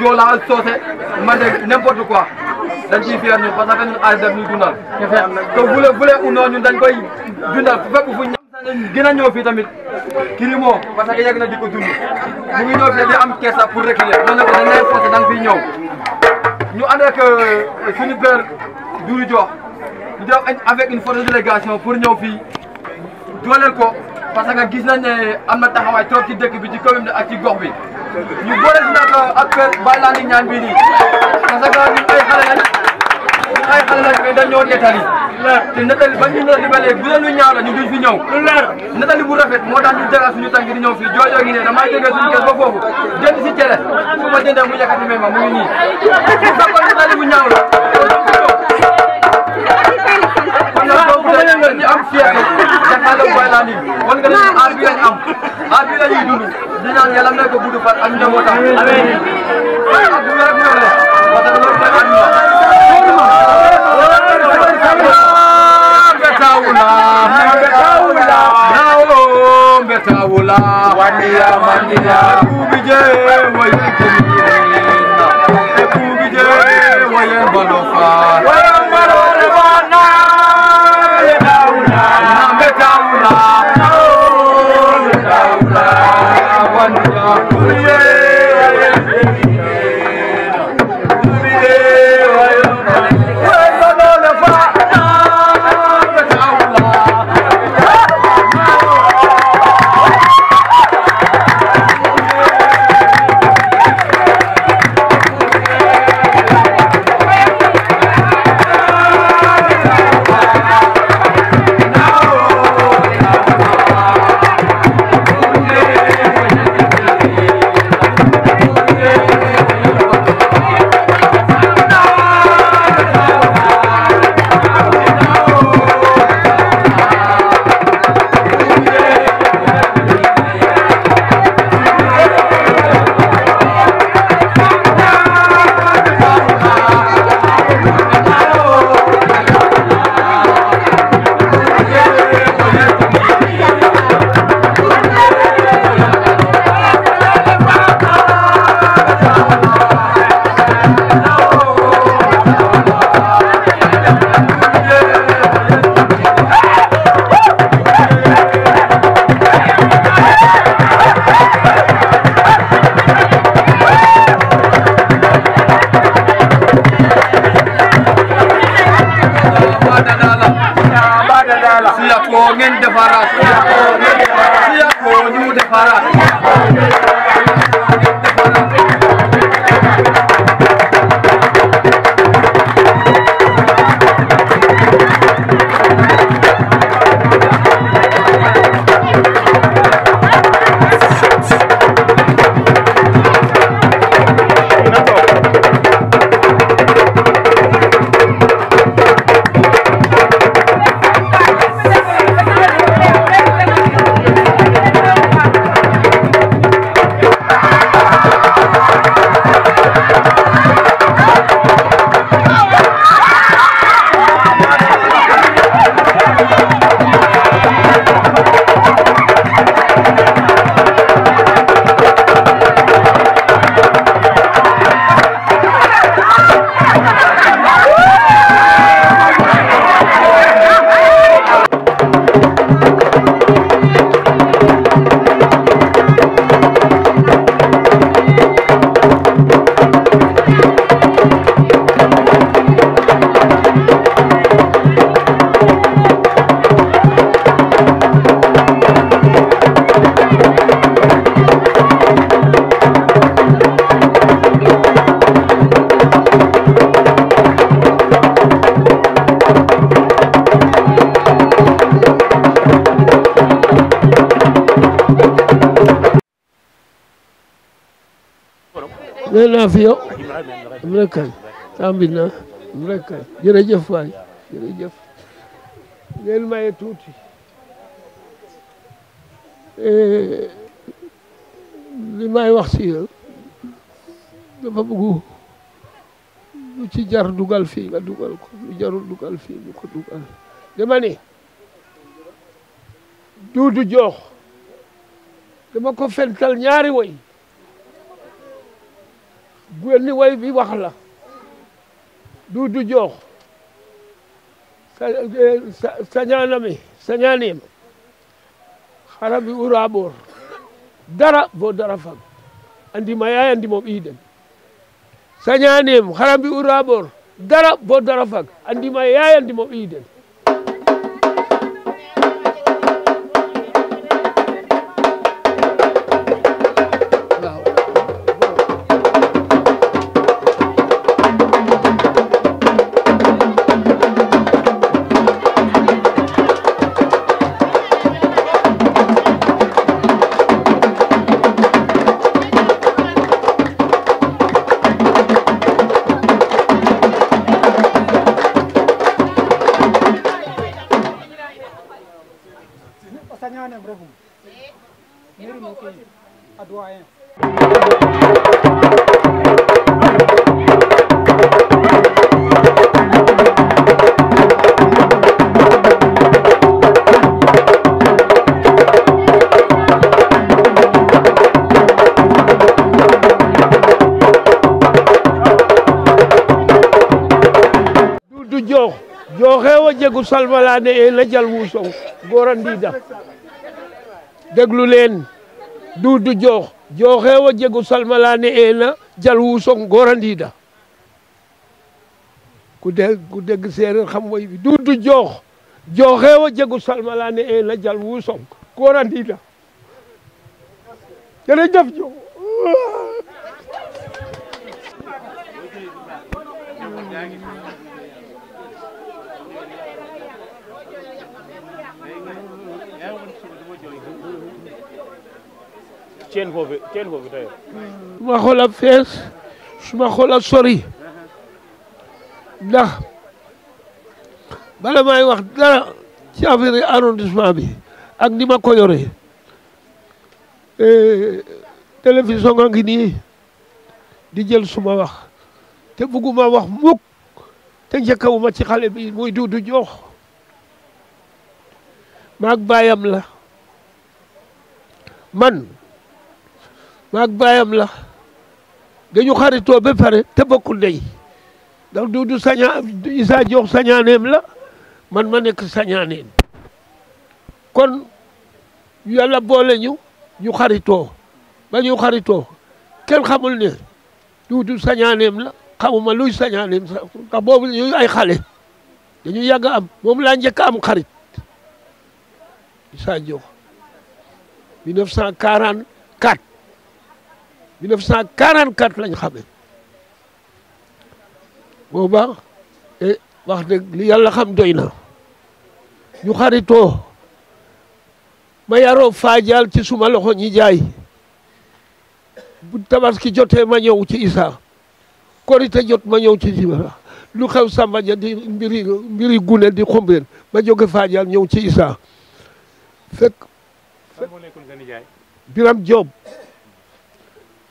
joola ak soose man de n'importe quoi dañ ciy fier ñun parce que ñun aar daf ñuy dundal. te bu le bu dañ koy dundal fépp fu ñu. gën a ñëw fii tamit kirimo parce que yegg na di ko dund mu ngi ñëw fii di am kees pour reculer loolu nag dañ lay forcé ñu ànd ak euh, suñu père Doudou Diop ñu def avec une forte délégation pour ñëw fii dooleel ko parce que gis nañ ne am na taxawaay trop ci dëkk bi ci commune bi ak ci gox bi. ñu boole si nag euh, ak euh, bàyyi laa ni ñaan bii nii parce que ñun ay xale lañ ñun ay xale lañ mais dañoo nettali te nettali ba ñu nettali ba léegi bu dee ñaaw la ñu duñ fi ñëw nettali bu rafet moo tax ñu jaral suñu tànk di ñëw fii joojoo gi ne damay jógee suñu kees ba foofu jënd si cere su ma jëndee mu yëkkati may ma mu ngi nii bu fekkoon nettali bu ñaaw la mën nga leen aar bi lañ am aar bi lañuy dund di ñaan yàlla may ko gudd fan ak njabootam. amiin du wér ak wér la parce que loolu mooy àdduna. mbetawula mbetawula naawoo mbetawula wandiya mandiya kuubi jee wayen kumiri na kuubi jee wayen balofa naa fi yow am na kan tàmbi naa am na kan jërëjëf waay jërëjëf ngeen maye tuuti eh, li may wax si yow dafa bëggu lu ci jar dugal fii nga dugal ko lu dugal fii bu ko dugal dama ni duudu joox dama ko fental ñaari woy bu li way bi wax la du du joox sañaanami eh, sañaaniim xara bi ura boor dara bo dara fag andi ma yaay andi moom iiden sañaaniim xara bi ura boor dara bo dara fag andi ma yaay andi moom iiden ku salbalade e la jalwu sow gora ndida leen duudu joox jooxeewa jegu salmalane e na jalwu sow gora ndida ku dégg ku dégg xam way bi duudu joox jooxeewa jegu salmalane e na jalwu sow gora ndida jërëjëf joox ceen foofu ceen foofu tey. su ma xool a fees su ma xool a sori ndax bala may wax dara ci affaire arrondissement bi ak ni ma ko yoree télévision ngi nii di jël suma wax te bëgguma wax mukk te njëkkawuma ci xale bi muy du Joox maag baayam la man maag baayam la dañu xaritoo ba pare te bokku ndey ndax Duudu sañaa Isaa la man ma nekk sañaaneem kon yàlla boole ñu ñu xaritoo ba ñu xaritoo kenn xamul ne Duudu sañaaneem la xamuma luy sañaaneem sax ndax ñu ay xale dañu yàgg am moom laa njëkk am xarit Isaa Joox 1944 1944 lañ xamee boo baax e eh, wax dëgg li yàlla xam doy na ñu xaritoo ma yaroo faajaal ci suma loxo ñi jaay bu tabaski jotee ma ñëw ci Issa korite jot ma ñëw ci Djibira lu xew Samba ja di mbiri mbiri gune di xumbeen ma jóge faajaal ñëw ci Issa fekk. fekk Biram Diop.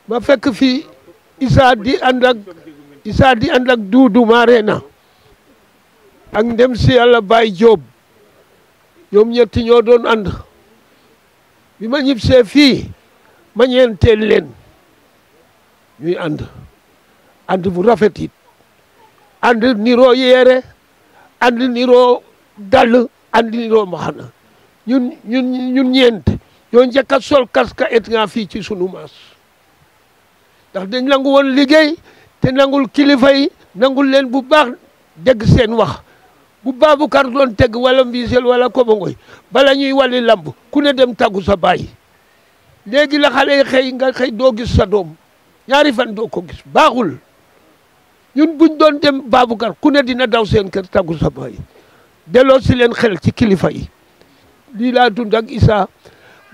ma fekk fi Issa di ànd ak Issa di ànd ak Duudu Marena ak ndem si yàlla Baye Diop yoom ñetti ñoo doon ànd bi ma ñib see fii ma ñeenteel leen ñuy ànd ànd bu rafet it ànd niroo yeere ànd niroo dàll ànd niroo mbaxana ñun ñun ñeent yoo njëkk a sol casque et nga fii ci sunu maas ndax dañ nangu woon liggéey te nangul kilifa yi nangul leen bu baax dégg seen wax bu Babacar doon teg wala Mbisel wala Kobangoy bala ñuy wàlli lamb ku ne dem tàggu sa baay léegi la xale yi xëy nga xëy doo gis sa doom ñaari fan doo ko gis baaxul ñun buñ doon dem Babacar ku ne dina daw seen kër tàggu sa baay delloo si leen xel ci kilifa yi lii laa dund ak Issa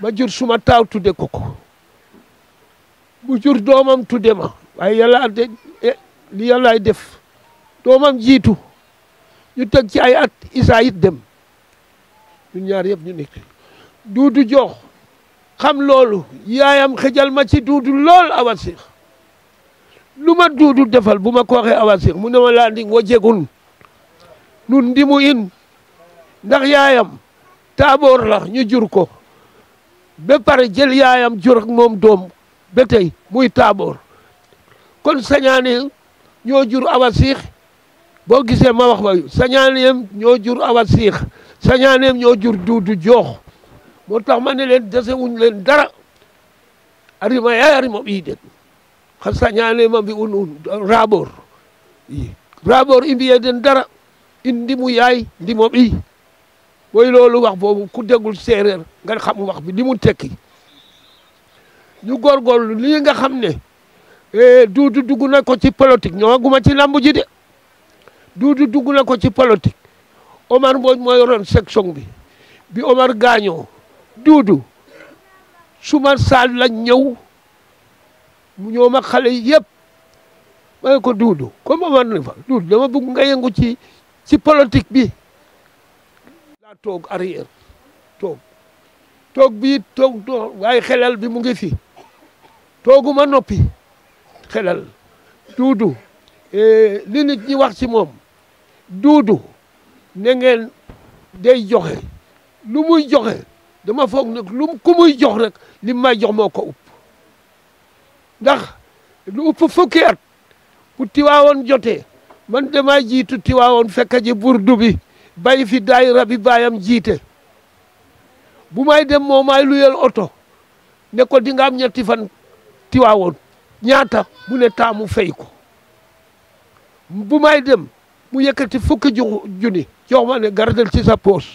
ma jur suma taaw tudde ko ko bu jur doomam tu dema waaye yàlla de eh, li yàllaay def doomam jiitu ñu teg ci ay at isaa dem ñun ñaar yëpp ñu nekk duudu jox xam loolu yaayam xëjal ma ci duudu lool awa six lu ma duudu defal bu ma ko waxee mu ne ma laa nding wa jegun nun ndimu in ndax yaayam taaboor la ñu jur ko ba pare jël yaayam jur moom doom ba tey muy taaboor kon sañaane ñoo jur boo gisee ma wax wayu sañaaneem ñoo jur awa siix sañaaneem ñoo jur duudu joox moo tax ma ne leen dese wuñ leen dara arima yaay arima ɓii den xa sañaaneema mbi un un raaboor i raaboor i mbiyee den dara in ndimu yaay ndimo ɓii mooy loolu wax boobu ku dégul séeréer nga xam wax bi li mu tekki ñu góorgóorlu lii nga xam ne eh, duudu dugg na ko ci politique guma ci làmb ji de duudu dugg na ko ci politique Omar Mbodj moo yoroon section bi bi Omar gaañoo duudu suma saal lañ ñëw mu ñoom ak xale yëpp may ko duudu comme Omar ne fa duudu dama bëgg nga yëngu ci ci politique bi laa toog arrière toog toog bi toog waaye xelal bi mu ngi fi tooguma noppi xelal duudu eh, li nit ñi wax ci moom duudu ne ngeen day joxe lu muy joxe dama foog nag lu ku muy jox rek li may jox moo ko upp ndax lu upp fukki at bu tiwaawoon jotee man dama jiitu tiwaawoon fekk ji burdu bi bay fi daay rabi baayam jiite bu may dem moo may oto ne ko di nga am ñetti fan Tiwaawoon ñaata mu ne taamu fay ko bu may dem mu yëkkati fukki junni jox ma ne gardel ci sa poos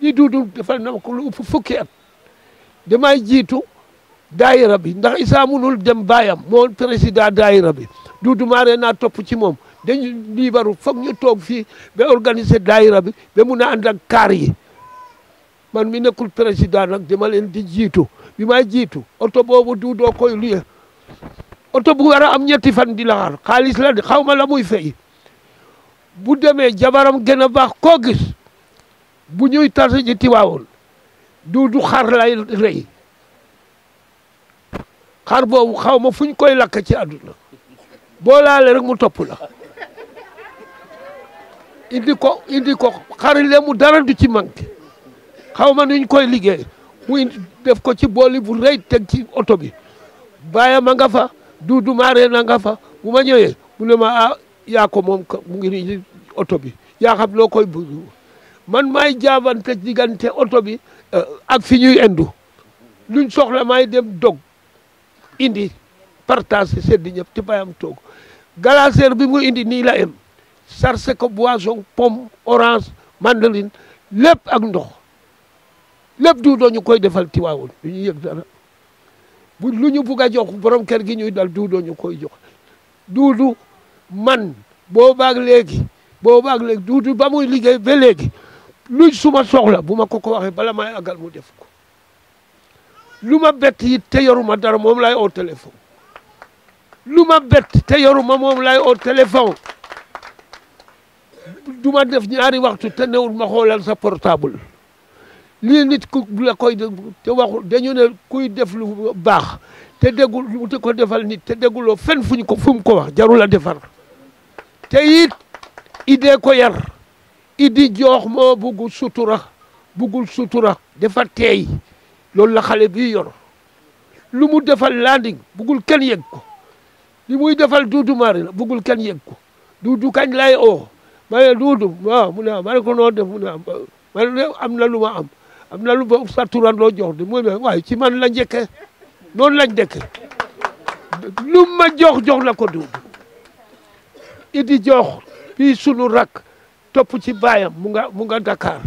li defal na ma ko lu fukki at damay jiitu daayira bi ndax Issa munul dem baayam moo président daayira bi duudu maaree naa topp ci moom dañu liibaru foog ñu toog fii ba organiser daayira bi ba mun a ànd kaar yi man mi nekkul président nag dama leen di jiitu bi may jiitu oto boobu duudoo koy luye oto bu war a am ñetti fan di laxaar xaalis la de xaw ma la muy fay bu demee jabaram gën a baax koo gis bu ñuy tase ji tiwaawul duudu xar lay rey xar boobu xaw ma fu ñu koy lakk ci àdduna boo laale rek mu topp la indi ko indi ko xari le mu dara du ci manqué xawma ma nuñ koy liggéey def ko ci booli bu rëy teg ci oto bi bàyyi ma nga fa duudu maaree na nga fa bu ma ñëwee mu ne ma ah yaa ko moom mu ngi nii oto bi yaa xam loo koy bëgg man maay jaabante diggante oto bi eh, ak fi ñuy endu luñ soxla maay dem dog indi partage seddi ñëpp te bayam toog glacière bi mu indi nii la em sarse ko boisson pomme orange mandarine lépp ak ndox lépp du doo ñu koy defal tiwaawul du ñu yëg dara bu lu ñu bugg a jox borom kër gi ñuy dal du doo ñu koy jox duudu man boobaag léegi boobaag léegi duudu ba muy liggéey ba léegi luñ suma soxla bu ma ko ko waxee bala ma àggal mu def ko lu ma bett it te yoruma dara moom lay oo téléphone lu ma bett te yoruma moom lay oo téléphone du ma def ñaari waxtu te newul ma xoolal sa portable lii nit ku la koy te waxul dañu ne kuy def lu baax te déggul te ko defal nit te dégguloo fenn fuñ ko fu ko wax jarul a defar te it idée ko yar idi joox moo buggul sutura buggul sutura dafa teey loolu la xale bi yor lu mu defal landing buggul kenn yëg ko li muy defal duudu maari la buggul kenn ko du kañ lay oo ma ne duudu waaw mu ne ma ne ko noo def mu ne ma ne am na lu ma am am na lu ba sa turandoo jox di mooy waaye ci man la njëkke noonu lañ dëkk lu ma jox jox la ko du idi jox fii sunu rak topp ci baayam mu nga mu nga Dakar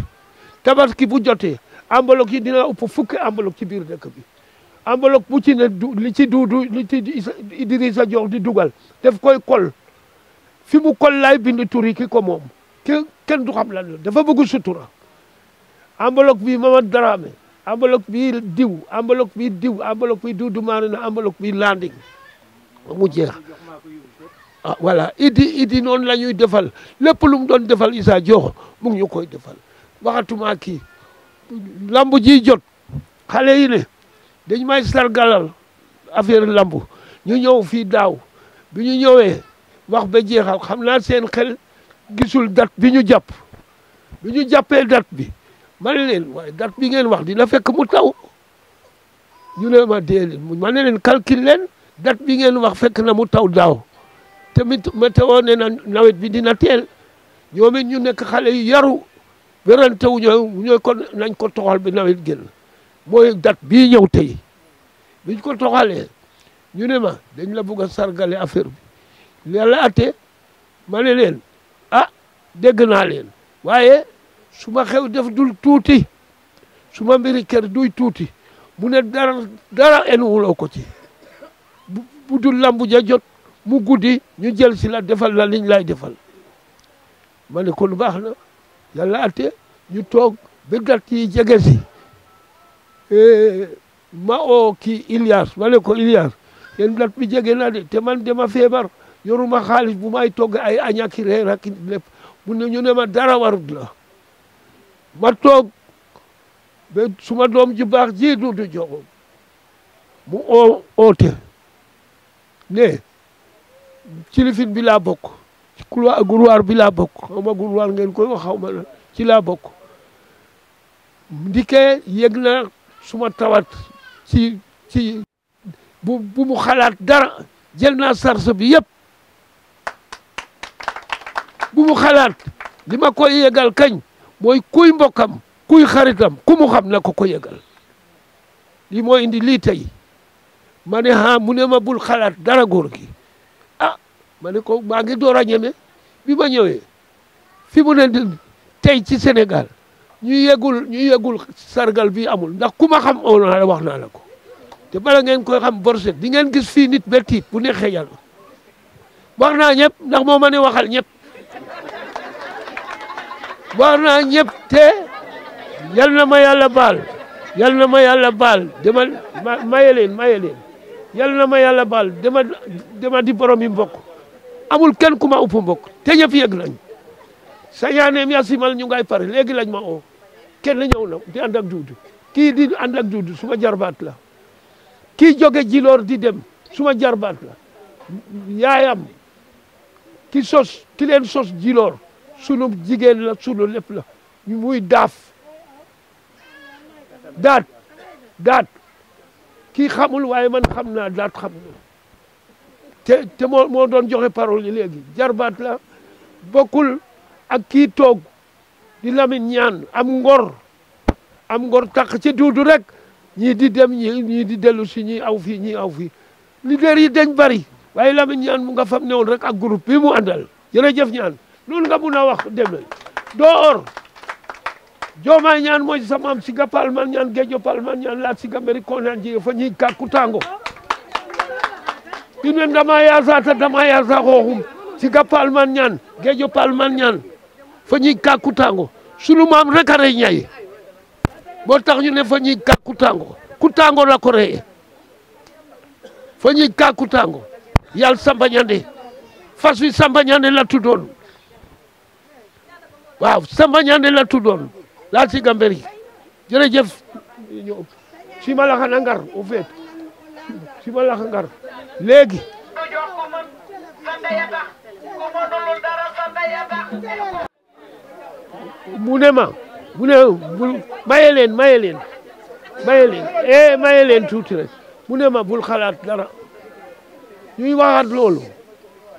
bu jotee enveloppe yi dina ëpp fukki enveloppe ci biir dëkk bi enveloppe bu ci ne li ci duudu li ci Idrissa jox di dugal daf koy kol fi mu kol laay bind turi ki ko moom kenn du xam lan la dafa bëgg sutura enveloppe bi Mamadou Dramé enveloppe bi diw enveloppe bi diw enveloppe bi Doudou Mané enveloppe bi Landing mu jeex ah voilà Idi Idi noonu la ñuy defal lépp lu doon defal Issa Diokh mu ñu koy defal waxatuma kii lamb ji jot xale yi ne dañu may sargalal affaire lamb ñu ñëw fii daaw bi ñu ñëwee wax ba jeexal xam naa seen xel gisul date bi ñu jàpp bi ñu jàppee date bi ma leen waaye date bi ngeen wax dina fekk mu taw ñu ne ma dee leen ma ne leen calcul leen date bi ngeen wax fekk na mu taw daaw tamit météo ne na nawet bi dina teel ñoom ñu nekk xale yu yaru werante wu ñoo ñooy kon nañ ko toxal bi nawet génn mooy date bi ñëw tey biñ ko toxalee ñu ne ma dañ la bugg a sargale affaire bi yàlla ate ma ne leen ah dégg naa leen waaye suma ma xew def dul tuuti suma ma mbiri kër duy tuuti mu ne dara dara enuwuloo ko ci bu dul lambu ja jot mu guddi ñu jël si la defal la liñ lay defal ma ne kon baax na yàlla ate ñu toog ba dat yi jege si e, ma oo kii Ilias ma ne ko Ilias yéen dat bi jege na de te man dama feebar yoruma xaalis bu may tog ay añaki reer ak lépp mu ne ñu ne ma dara warut la ma toog suma doom ji baax ji Duudu Jogo mu oo oote ne ci lifin bi laa bokk ci couloir couloir bi laa bokk xaw ma ngeen koy wax xaw ma ci laa bokk ndike yëg na suma tawat ci ci bu bu mu xalaat dara jël naa sarse bi yëpp bu mu xalaat li ma koy yëgal kañ mooy kuy mbokkam kuy xaritam ku mu xam na ko ko yëgal lii moo indi lii tey ma ne ah mu ne ma bul xalaat dara góor gi ah ma ne ko maa ngi door a ñeme bi ma ñëwee fi mu ne tey ci senegal ñu yegul ñu yegul sargal bi amul ndax ku ma xam oo wax naa la ko te bala ngeen koy xam borset di ngeen gis fii nit ba tiit bu neexee yàlla wax naa ñëpp ndax moo ma ne waxal ñëpp wax naa ñëpp te yal na ma yàlla baal yal na ma yàlla baal dama maye leen maye leen yal na ma yàlla baal demal di borom yi mbokk amul kenn ku ma upp mbokk te ñëpp yëg nañ sañaaneem yasimal ñu ngay pare léegi lañ ma oo kenn ñëw na di ànd ak duudu kii di ànd ak duudu suma jarbaat la ki jóge jiloor di dem suma jarbaat la yaayam ki sos ki leen sos jiloor sunu jigéen la sunu lépp la muy daaf daat daat kii xamul waaye man xam naa daat xam na te te moo doon joxe parole yi léegi jarbaat la bokkul ak kii toog di Lamine ñaan am ngor am ngor takk ci duudu rek ñii di dem ñi ñii di dellu si ñii aw fii ñii aw fii leader yi dañ bari waaye Lamine ñaan mu nga fam ne woon rek ak groupe bi mu àndal jërëjëf ñaan loolu nga mun a wax deme doo joomaay ñaan mooy sa maam siga palman ñaan gejo palman ñaan laat siga mberi konan jege fo ñiig kakutango in way ndama yasa ta dama yasa xooxum siga palman ñaan gejo palman ñaan fo ñiig kakutango sunu maam rek a rey ñayi tax ñu ne fo ñiig kakutango kutango la ko reye fo ñiig kakutango yal samba ñande fas wi waaw Samba Niane la tuddoon laal si gamberi jërëjëf ñëw si ma la xana ngar o feet si ma la xana ngar léegi mu ne ma mu ne bul maye leen maye leen maye leen eh leen tuuti rek mu ne xalaat dara ñuy waxaat loolu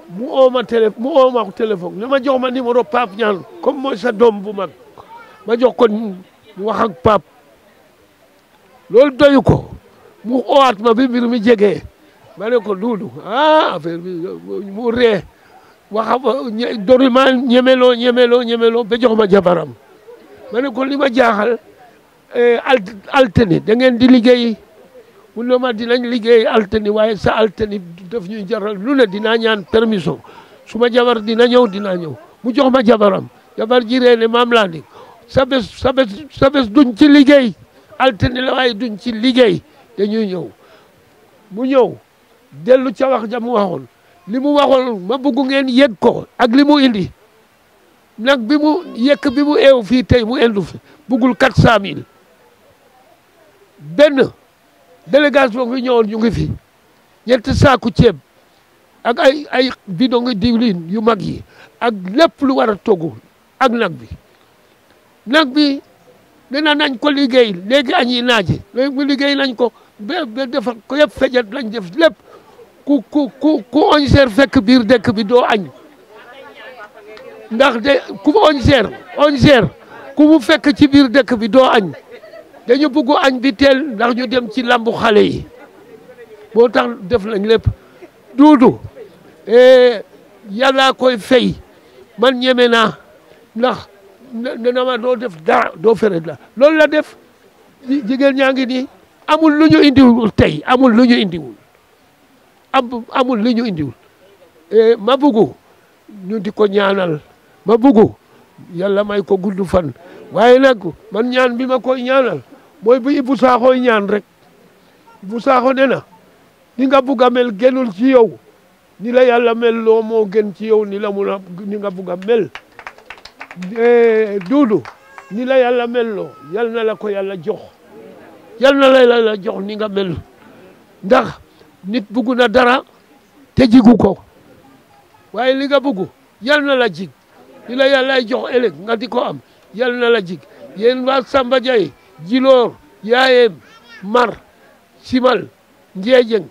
mu oo ma télé mu oo ma ko téléphone ni ma jox ma numéro Pape ñaan comme mooy sa doom bu mag ma jox ko mu wax ak Pape loolu doyu ko mu oowaat ma bi mbir mi jegee ma ko duudu ah affaire bi mu ree waxa dori ma ñemeloo ñemeloo ñemeloo ba jox ma jabaram ma ne ko li ma jaaxal eh, altine da ngeen di liggéey mu ne ma dinañ liggéey alteni waaye sa alteni def ñuy jaral lu ne dinaa ñaan permission su ma jabar dina ñëw dinaa ñëw mu jox ma jabaram jabar ji ree maam laa sa bés sa bés sa duñ ci liggéey altani la waaye duñ ci liggéey dañuy ñëw mu ñëw dellu ca wax ja mu waxoon li mu waxoon ma bëgg ngeen yëg ko ak li mu indi nag bi mu yëkk bi mu eew fii tey mu indu fi bëggul quatre cent mille benn délégation bi ñëwoon ñu ngi fi ñetti saaku ceeb ak ay ay bidon ngi diwlin yu mag yi ak lépp lu war a togg ak nag bi nag bi dina nañ ko liggéey léegi añi naaje léegi liggéey nañ ko ba defar ko yëpp fejet lañ def lépp ku ku ku ku oñ seer fekk biir dëkk bi doo añ ndax de ku oñ seer oñ seer ku mu fekk ci biir dëkk bi doo añ dañu bëgg añ bi ndax ñu dem ci lambu xale yi boo tax def nañ lépp duudu eh, yàllaa koy fay man ñeme naa ndax dana ma doo def dara doo fere la loolu la def jigéen ñaa ngi nii amul lu ñu indiwul tey amul lu ñu indiwul am amul lu ñu indiwul eh, ma bëggu ñu di ko ñaanal ma bëggu yàlla may ko gudd fan waaye nag man ñaan bi ma koy ñaanal mooy bu Ibou Sakho ñaan rek Ibou Sakho ne na ni bugg a mel gënul ci yow ni la yàlla mel moo gën ci yow ni la mun a ni nga bugg a mel eh, duudu ni la yàlla mel loo na la ko yàlla jox yal na la yàlla jox ni nga mel ndax nit bugg na dara te jigu ko waaye li nga bugg yal na la jig ni la yàlla jox ëllëg nga di ko am yal na la jig yéen waa Samba Djilor Yaayeen Mar Simal Ndiédiène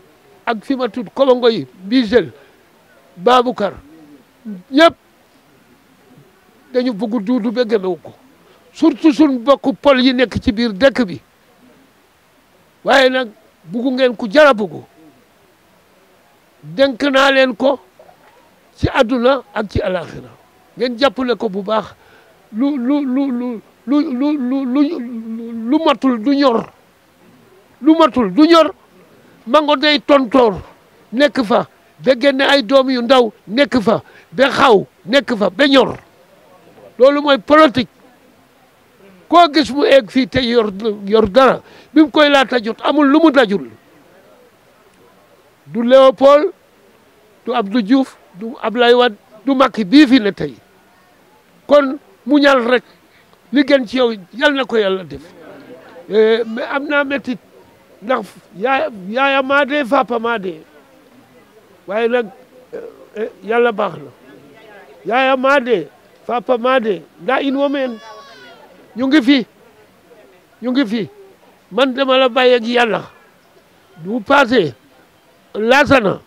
ak fi ma tudd Kobangoy Bisel Baboucar ñëpp dañu bëgg duudu ba gëmewu ko surtout suñ pol yi nekk ci biir dëkk bi waaye nag buggu ngeen ku jara buggu dénk naa leen ko ci àdduna ak ci alaxira ngeen jàppale ko bu baax lu lu lu lu lu lu lu lu matul du ñor lu matul du ñor mango day tontoor nekk fa ba génne ay doom yu ndaw nekk fa ba xaw nekk fa ba ñor loolu mooy politique koo gis mu egg fii te yor yor bi mu koy laata jot amul lu mu dajul du Léopold du Abdou du Ablaye Wade du Macky bii fi ne tey kon mu ñal rek li gën ci yow yal na ko yàlla def eh, am na metit ndax yaaya yaaya maa dee waaye nag eh, eh, yàlla baax na yaaya maa dee papa maa in wo meen ngi fi ñu ngi fi man dama la bàyyi ak yàlla du passé laata na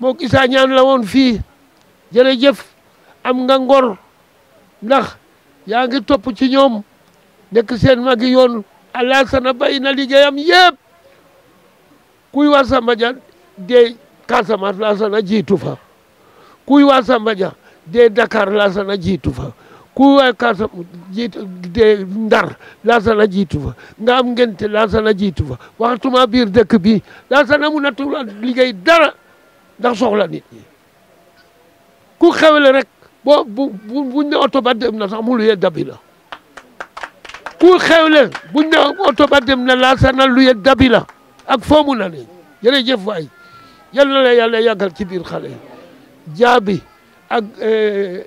moo ñaan la woon fii jërëjëf am nga ngor ndax yaa ngi topp ci ñoom nekk seen magi yoon Alassane bay na liggéeyam yëpp kuy waa Samba Dia dee Casamance Alassane jiitu fa kuy waa Samba dee Dakar Alassane jiitu fa kuy waa Casamance jiitu dee Ndar Alassane jiitu fa nga ngente Alassane jiitu fa waxtuma biir dëkk bi Alassane mun liggéey dara ndax soxla ku xewle rek boo bu bu buñ ne oto ba dem na sax mu luyee dabi la ku buñ ne oto ba dem na laa na luyee dabi la ak foo na ne jërëjëf waay yal na la yàlla yàggal ci biir xale yi jaabi ak eh,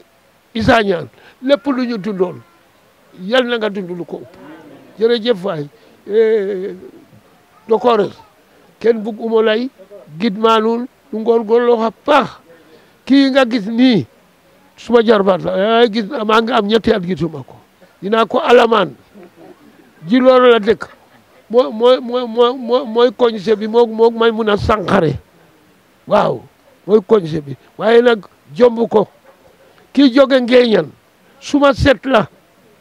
Issa Niane lépp lu ñu dundoon yal na nga dund lu ko ëpp jërëjëf waay eh, dokoore kenn bugguma lay gid maanul lu ngóorgóorloo xa paax kii nga gis nii suma jarbaat la gis maa ngi am ñetti at gisuma ko dinaa ko alamaan ji la dëkk moo mooy mooy mooy mooy koñse bi moo moo may mun a sànqare waaw mooy koñse bi waaye nag jomb ko kii jóge ngeeñan suma set la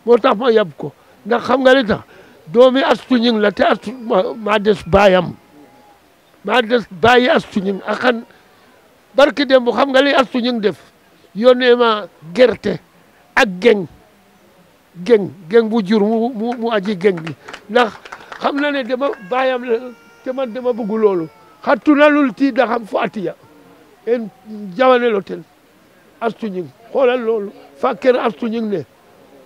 moo tax ma yab ko ndax xam nga li tax doomi astu ñing la te astu maa des baayam maa des baayi astu ñing axan barki dem xam nga li astu ñing def yónnee ma gerte ak geng geng geng bu jur mu mu mu aji geng bi ndax xam na ne dama bàyyam la te man dema bëgg loolu xattunalul tii da xam fo atiya en jawane lotel astu ñing xoolal loolu fàkkeer astu ñing ne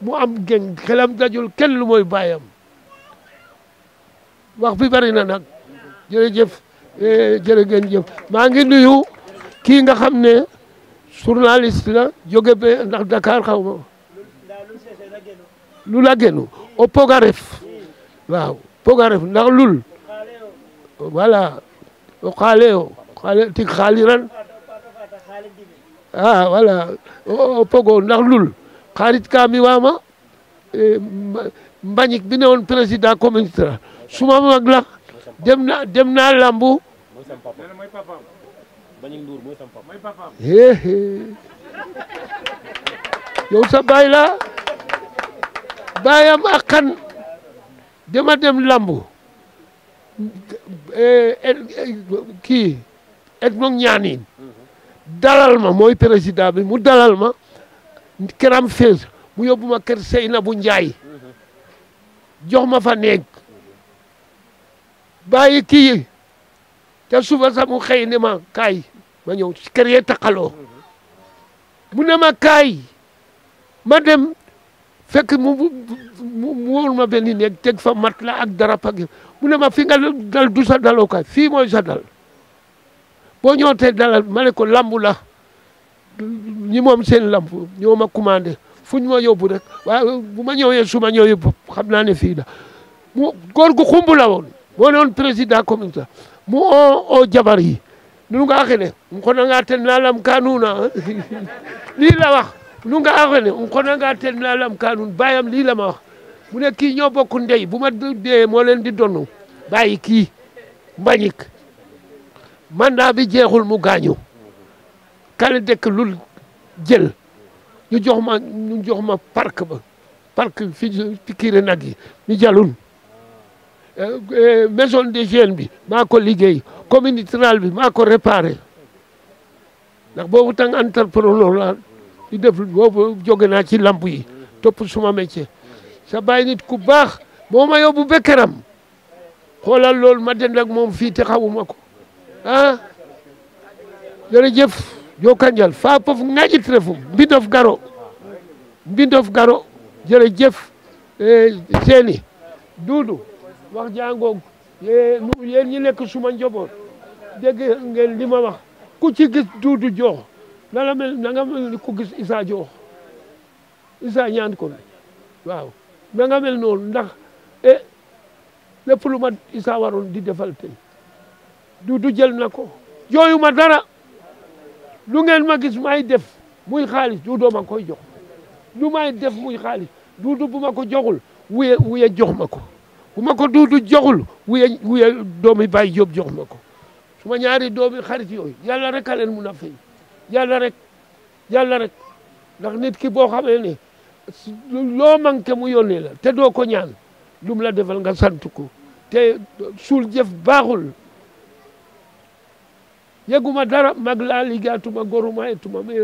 mu am geng xelam dajul kenn lu mooy bàyyam wax fi bari na nag jërëjëf eh, jërë ngeen jëf maa ngi nuyu kii nga xam ne journaliste na jóge be ndax Dakar xaw ma lu la genu o pogaref waaw pogaref ndax lul voilà o xaale o xaale tig xaaliran a ah, o pogo ndax lul xarit ka mi wama e, mbañik bi ne woon président communauté suma mag la dem na dem na lambu Mbagnick Ndour mooy sa baay la baayam ak kan dama dem lambu eh, eh, kii et moom ñaanin dalal ma mooy président bi mu dalal ma këram fees mu yóbbu ma kër Seynabou Ndiaye mhm. jox ma fa néeg bàyyi kii ca suba sax mu xëy ne ma kaay ma ñëw ci kër yee taqaloo mu ne ma kaay ma dem fekk mu mu wóor ma benn néeg teg fa mat la ak dara pag mu ne ma fi nga dal du sa daloo kaay fii mooy sa dal boo ñëwatee dalal ma ne ko lambu la ñi moom seen lamb ñoo ma commandé fuñ ma yóbbu rek waaye bu ma ñëwee su ma ñëwee xam naa ne fii la mu góor gu xumb la woon moo ne woon président communauté mu oo oo jabar yi nu nga xene um xonanga ten na lam kanuna [LAUGHS] lii la wax nu nga xene um xonanga ten na lam kanun bayam lii la ma wax mu ne kii ñoo bokk ndey bu ma dee moo leen di donnu bàyyi kii mbañik mandat bi jeexul mu gaañu kale dëkk lul jël ñu jox ma ñu jox ma parc ba parc fi pikire nag yi ñu jalun Euh, euh, maison des jeunes bi maa liggéey commune rurale bi maa ko ndax boobu tang entrepreneur la di def boobu naa ci lamp yi topp suma métier sa ku baax moo ma yóbbu bekkeram xoolal loolu ma dend moom fii te xawuma ko ah jërëjëf jokanjal fa pof ŋaƴit refum mbindof garo mbindof garo jërëjëf eh, seeni duudu wax jàngoog yéen ñi nekk suma njaboot dégg ngeen li ma wax ku ci gis Duudu Joox na la mel na nga mel ni ku gis Issa Joox Issa ñaan ko waaw na nga mel noonu ndax e lépp lu ma Issa waroon di defal tey Duudu jël na ko jooyuma dara lu ngeen ma gis may def muy xaalis Duudu ma koy jox lu may def muy xaalis Duudu bu ma ko joxul wuye wuye jox ma ko bu ma ko duudu joxul wuye wuye doomi Baye Diop jox ma ko su ma ñaari doomi xarit yooyu yàlla rek a leen mu a fay yàlla rek yàlla rek ndax nit ki boo xamee ne loo manqué mu yónnee la te doo ko ñaan lum la defal nga santu ko te suul jëf baaxul yeguma dara mag laa liggéeyatuma goruma etuma mais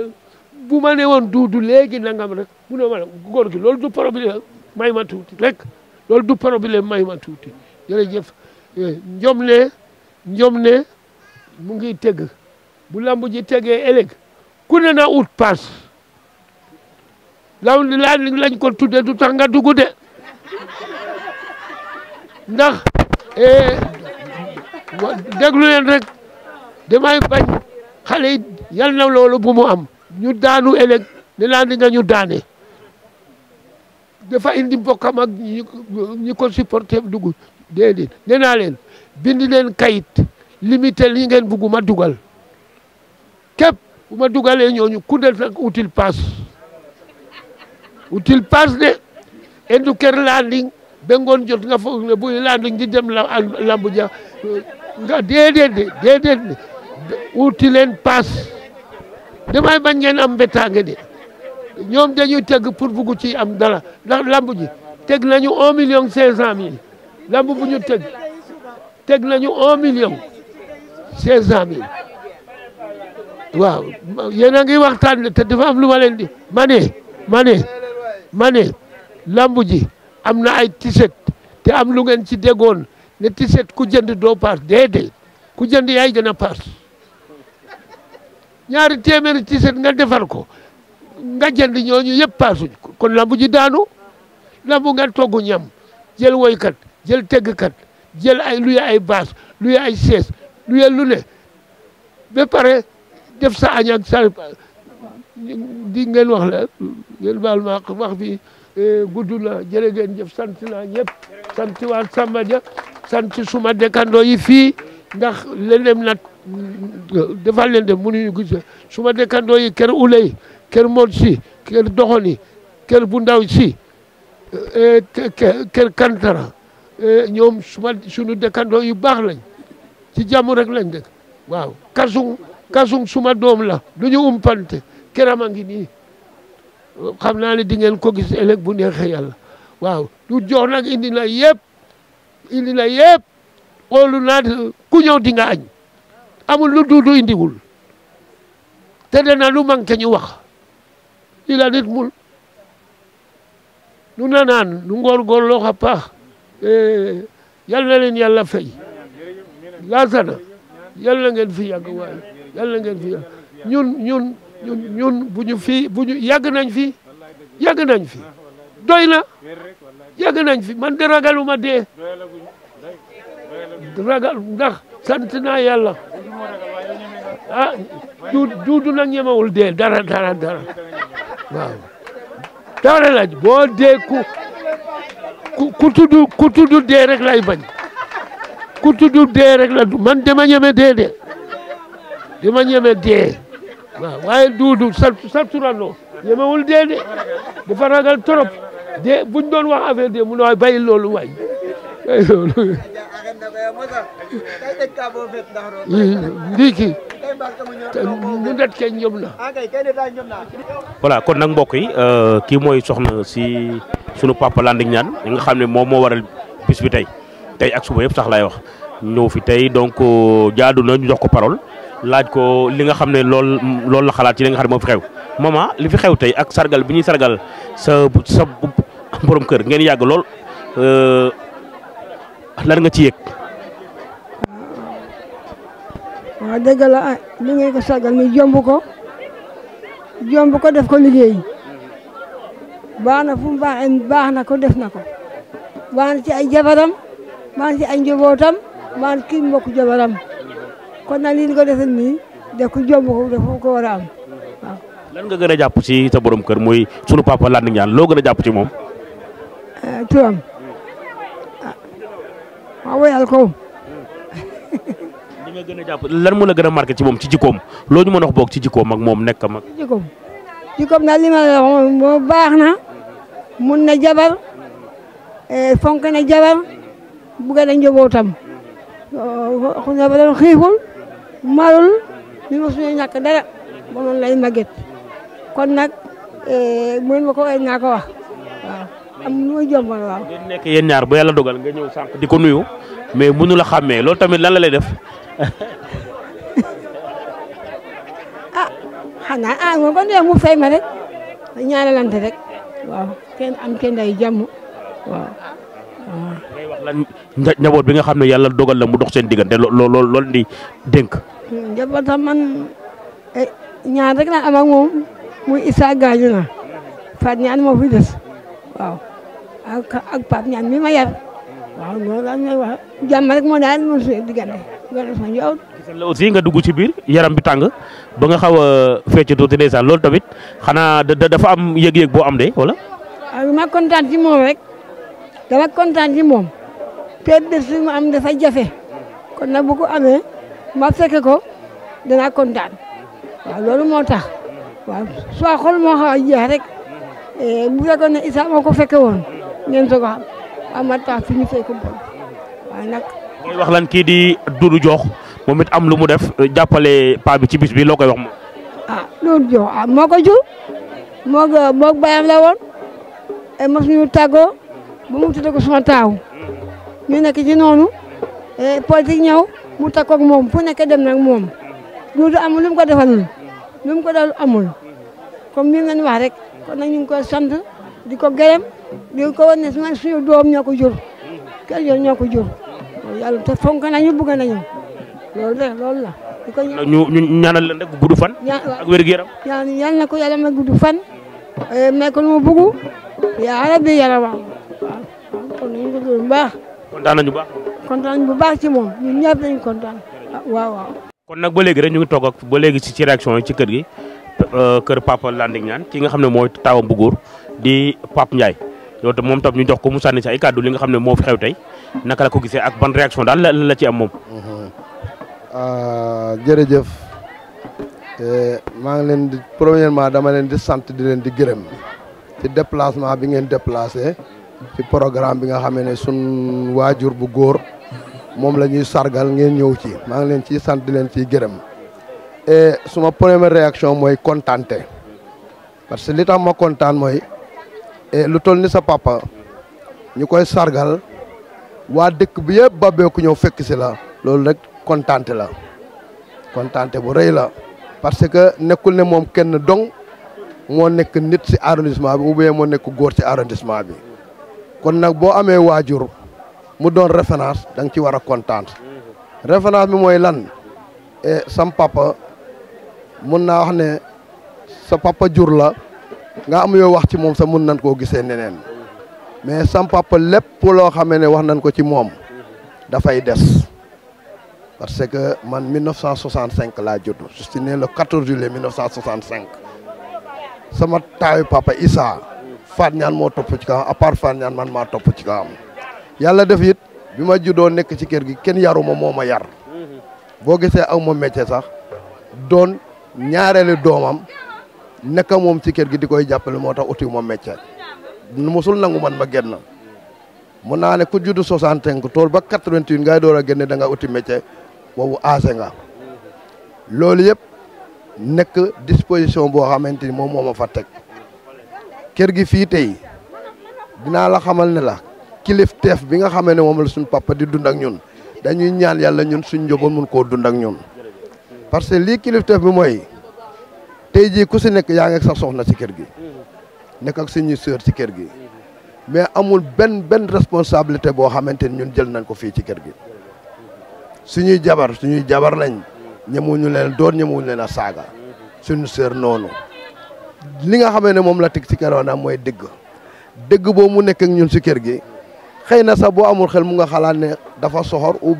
bu ma ne woon duudu léegi nangam rek mu ne ma góor gi loolu du problème may ma tuuti rek loolu du problème may ma tuuti jërëjëf eh, njom ne njom ne mu ngi teg bu lamb ji tegee eleg ku ne na ut paas law laa lañ ko tudde du tax nga dugg de ndax eh, déglu leen rek damay bañ xale yal na loolu bu mu am ñu daanu ëllëg ne laa a ñu daane dafa indi mbokkam ak ñi ñi ko supporté dugg déedéet nee leen bind leen kayit limité li ngeen bugg ma dugal képp bu ma dugalee ñooñu ku def nag utile pass utile pass de indu kër landing ngoon jot nga foog ne buy landing di dem la lambu ja euh, nga déedéet de déedéet de uti leen pass damay bañ ngeen am mbettaange de ñoom dañuy teg pour bugg ci am dala ndax ji teg nañu un million cinq cent mille lamb bu ñu teg teg nañu un million cinq cent mille waaw yéen a ngi waxtaan te dafa am lu ma di mane ne ma ne ma ne ji am na ay tiset te am lu ngeen ci degoon ne tiset ku jënd doo paas déedéet ku jënd yaay gën a paas ñaari téeméeri tiset nga defar ko nga jënd ñooñu yëpp paasuñ kon lamb ji daanu lamb nga togg ñam jël woykat jël teggkat jël ay luye ay baas luye ay sees luye lu ne ba pare def sa añ ak sa di ngeen wax la ngeen baal ma wax bi e, gudd na jërë ngeen jëf sant naa ñëpp sant waa Samba Dia sant suma dëkkandoo yi fii ndax leneen nag dafa leen def mënuñu gis suma dëkkandoo yi kër ulay kër mool si kër doxali kër bu ndaw si e, kër kantara e, ñoom suma sunu dëkkandoo yu baax lañ ci jàmm rek lañ dëkk waaw kasung suma doom la lu ñu umpante këram a ngi nii xam naa ne di ko gis ëllëg bu neexee yàlla waaw lu jox nag indi na yëpp indi na yëpp oolu naat ku ñëw dinga añ amul lu duudu indiwul te dana lu manqué ñu wax 일하는 물 누나 난 눈골골로 갚아 에 열내는 열라 페이 라잖아 yàlla ngeen fi yàgg waaye yàlla ngeen fi yàgg ñun ñun ñun ñun bu ñu fii bu ñu nañ fi yàgg nañ fi doy na yàgg nañ fi man de ragaluma dee ragal ndax sant naa yàlla ah du duudu nag ñemewul dee dara dara dara waaw dara laaj boo dee ku ku ku dee rek lay bañ dee rek man dama ñeme dee de dama ñeme dee waaw waaye duudu sab ñemewul dee de dafa ragal trop dee buñ doon wax affaire mu ne waay bàyyi loolu waay ndiiki nu ndet ke njom na voilà kon nag mbokk yi euh, kii mooy soxna si sunu papa Landing Niane nga xam ne moom moo waral bis bi tey tey ak suba yëpp sax laay wax ñëw fi tey donc euh, jaadu na ñu ko parole laaj ko li nga xam ne lool loolu la xalaat ci li nga xam fi xew maman li fi xew tey ak sargal bi ñuy sargal sa sa borom kër ngeen yàgg lool euh, lan nga ci yëg. waaw dëgg la ah li ngeen ko sargal mi jomb ko jomb ko def ko liggéey baax na fu mu na ko def na ko baax na ci ay jabaram baax na ci ay njabootam baax na kii mbokku jabaram kon nag li ko defee nii def ko jomb ko def ko war a am lan nga gën a jàpp si sa borom kër muy sunu papa Landing Niane loo gën a jàpp ci moom. Eh, turam. waaw woyal ko. a jàpp lan mu la gën a marqué ci moom ci jikkoom loo ñu mën a boog ci jikkoom ak moom nekk mag. jikkoom jikkoom daal li ma la wax baax na mun na jabar eh, fonk na jabar bugg na njabootam xu na ba doon xiiful marul li ma suñu ñàkk dara ba noonu lay màgget kon nag eh, mën ma ko naa ko wax. am lu ma waaw. ñaar bu yàlla dogal nga ñëw sànq di ko nuyu mais mënu la xàmmee loolu tamit lan la lay def. [LAUGHS] ah xanaa ah moom bi nga xam ne yàlla dogal la mu dox seen diggante loo loo eh, muy Issa gaañu na Fatou ñaan moo fi des. waaw ak ak Pape Niang ma yar waaw noonu la ñuy wax rek moo daal mën suñu diggante loolu dafa ñëw. gisal la aussi nga dugg ci biir yaram bi tàng ba nga xaw a fecc tuuti ndeysaan loolu tamit xanaa dafa am yëg-yëg boo am de wala. waaw ma kontaan ci moom rek moom te de su am dafa jafe kon nag bu ko amee ma fekke ko danaa kontaan waaw loolu moo tax waaw soo xool moo xaw jeex rek. Eh, bu fekkoon ne ko fekke woon ngeen soog xam waaw tax fi ñu fekkum bon waaye nag. mooy wax kii di Doudou jox moom it am lu mu def eh, jàppale paa bi ci bis bi loo koy wax moom. ah Doudou Diokh ah moo ko jur moo ko eh, mu tudd sama taaw ñu nekk ci noonu politique ñëw mu moom fu nekk dem nag moom Doudou amul lu mu ko defalul lu mu ko dal amul comme ni ñu leen wax rek. kon nag ñu ngi koy sant di ko gërëm di ko wan ne su suñu doom ñoo ko jur kenn jur ñoo ko jur yàlla te fonk nañu bëgg nañu loolu de loolu la. di ko ñu ñaanal leen rek fan. ak na ko yàlla ma gudd fan. Eh, mais ko lu mu bëgg yaa rabbi yaram waaw kon ñu nañu bu baax. baax ci moom ñun ñëpp kontaan waaw kon nag ba léegi rek ñu ngi toog ak léegi ci réaction yi ci kër gi. Euh, kër Papa Landing ñaan ki nga xam ne mooy taawam bu góor di Pape Ndiaye loolu moom tam ñu jox ko mu sànni si ay kàddu li nga xam ne moo fi xew tey naka la ko gisee ak ban réaction daal la la ci am moom. Euh, jërëjëf euh, maa ngi leen di premièrement dama leen di sant di leen di gërëm ci déplacement bi ngeen déplacé programme bi nga xame ne sun waajur bu góor moom la ñuy sargal ngeen ñëw ci maa ngi leen ci sant di leen ciy gërëm. Eh, suma première réaction mooy kontaante parce que li tax ma kontaan mooy eh, lu toll ni sa papa ñu koy sargal waa dëkk bi yëpp babbeeku ñëw fekk si la loolu rek kontaante la kontaante bu rëy la parce que nekkul ne moom kenn dong moo nekk nit si arrondissement bi ou bien moo nekk góor si arrondissement bi kon nag boo amee waajur mu doon référence da nga ci war a kontaan référence bi mooy lan eh, sam papa mun naa wax ne sa papa jur la nga am yoo wax ci moom sax mun nan koo gisee neneen mais sam papa lépp loo xamee ne wax nañ ko ci moom dafay des parce que man 1965 laa judd je suis né le 14 juillet 1965 sama taayu papa Issa Faat Ñaan moo topp ci kawam à Faat Ñaan man maa topp ci kawam yàlla def it bi ma juddoo nekk ci kër gi kenn yaruma moo ma yar mhm. boo gisee aw ma métier sax doon ñaareelu doomam nekka moom ci kër gi di koy jàppale moo tax uti moom nu musul nangu man ma génn mun naa ne ku juddu 65 tool ba 81 ngay door a génne da nga uti métier boobu aase nga loolu yëpp nekk disposition boo xamante ni moom moo ma fa teg kër gi fii tey dinaa la xamal ne la kilif teef bi nga xamee ne moom la suñ papa di dund ak ñun dañuy ñaan yàlla ñun suñ njaboot mun koo dund ak ñun. parce que lii kilifteef bi mooy tey jii ku si nekk yaa ngi ak sa soxna si kër gi nekk ak suñuy sœur si kër gi mais amul benn benn responsabilité boo xamante ni ñun jël nañ ko fii ci kër gi suñuy jabar suñuy jabar lañ ñemuñu leen doon ñemuñu leen a saaga suñu sœur noonu li nga xamee ne moom la teg si keroona mooy dëgg dëgg boo mu nekk ak ñun si kër gi xëy na sax boo amul xel mu nga xalaat ne dafa soxor ou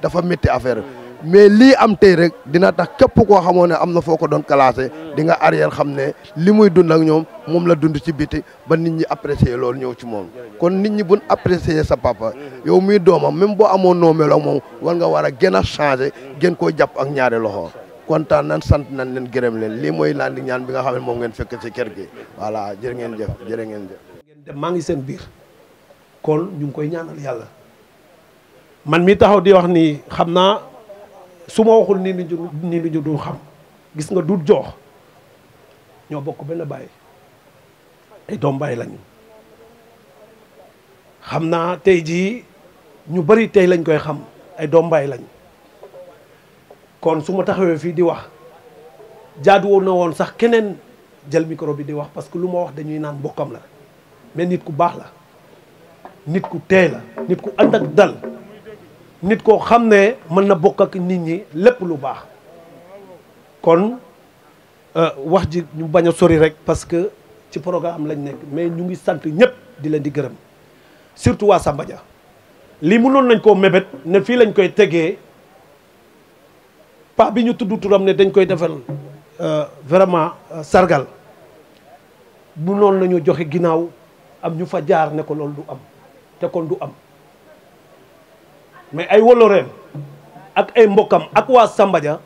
dafa métti affaire mais lii am tey rek dina tax képp koo xamoo ne am na foo ko doon classé mm. di nga arrière xam ne li muy dund ak ñoom moom la dund ci biti ba nit ñi apprécier loolu ñëw ci moom kon nit ñi bun apprécier sa papa mm-hmm. yow muy doomam même boo amoon noomeel ak moom war nga war a gën a changé mm. gën koo jàpp ak ñaari loxo kontaan nan sant nan leen gërëm leen lii mooy laan di ñaan bi nga xam ne moom ngeen fekk ci kër gi voilà jërë ngeen jëf jërë ngeen jëf ngeen dem maa ngi seen biir kon ñu ngi koy ñaanal yàlla su ma waxul nii lu nii lu du xam gis nga du joox ñoo bokk benn bàyyi ay doom bàyyi lañu xam naa tey jii ñu bari tey lañ koy xam ay doom bàyyi lañ kon su ma taxawee fii di wax jaadu woon na woon sax keneen jël micro bi di wax parce que lu ma wax dañuy naan bokkam la mais nit ku baax la nit ku teey la nit ku ànd ak dal nit koo xam ne mën na bokk ak nit ñi lépp lu baax kon euh, wax ji ñu bañ a sori rek parce que ci programme lañ nekk mais ñu ngi sant ñëpp di leen di gërëm surtout waa Samba Dia lii mënoon nañ koo mébét ne fii lañ koy tegee pax bi ñu tudd turam ne dañ koy defal euh, vraiment euh, sargal mënoon lañu joxe ginnaaw am ñu fa jaar ne ko loolu du am te kon du am mais ay woloreem ak ay mbokkam ak waa Sambadia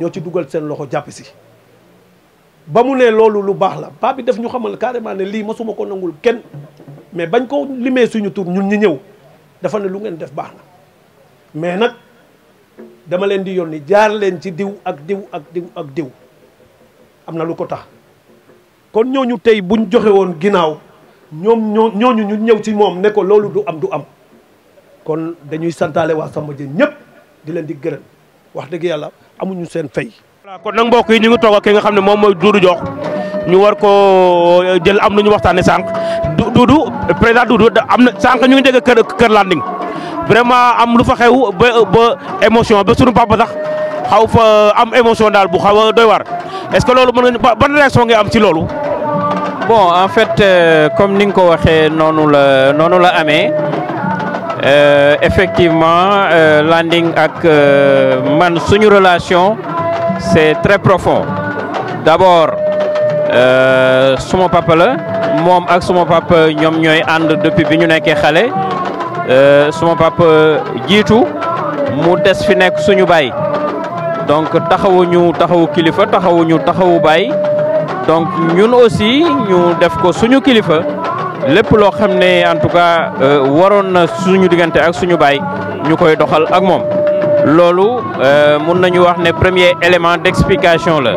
ñoo ci dugal seen loxo jàpp si ba mu nee loolu lu baax la paa bi def ñu xamal carrément ne lii masuma ko nangul kenn mais bañ ko limee suñu tur ñun ñi ñëw dafa ne lu ngeen def baax na mais nag dama leen di yoon ni jaar leen ci diw ak diw ak diw ak diw am na lu ko tax kon ñooñu tey buñ joxe woon ginnaaw ñoom ñoo ñooñu ñu ñëw ci moom ne ko loolu du am du am kon dañuy santaale waa Samba Dieng ñëpp di leen di gërëm wax dëgg yàlla amuñu seen fay. voilà kon nag mbokk yi ñu ngi toog ak ki nga xam ne moom mooy Doudou Diokh ñu war ko euh, jël am lu ñu waxtaanee sànq Doudou président Doudou am na sànq ñu ngi dégg kër kër vraiment am lu fa xew ba ba émotion ba sunu papa sax xaw fa euh, am émotion daal bu xaw a doy waar est-ce que loolu mën nga ban réaction ngay am ci loolu. Euh, comme ni nga ko waxee noonu la noonu la Euh, effectivement euh, Landing ak euh, man suñu relation c'est très profond d'abord suma papa la moom ak suma papa ñoom ñooy ànd depuis bi ñu nekkee xale suma papa jiitu mu des fi nekk suñu baay donc taxawuñu taxawu kilifa taxawuñu taxawu baay donc ñun aussi ñu def ko suñu kilifa. lépp loo xam ne en tout cas euh, waroon na suñu diggante ak suñu baay ñu koy doxal ak moom loolu euh, mun nañu wax ne premier élément d'explication la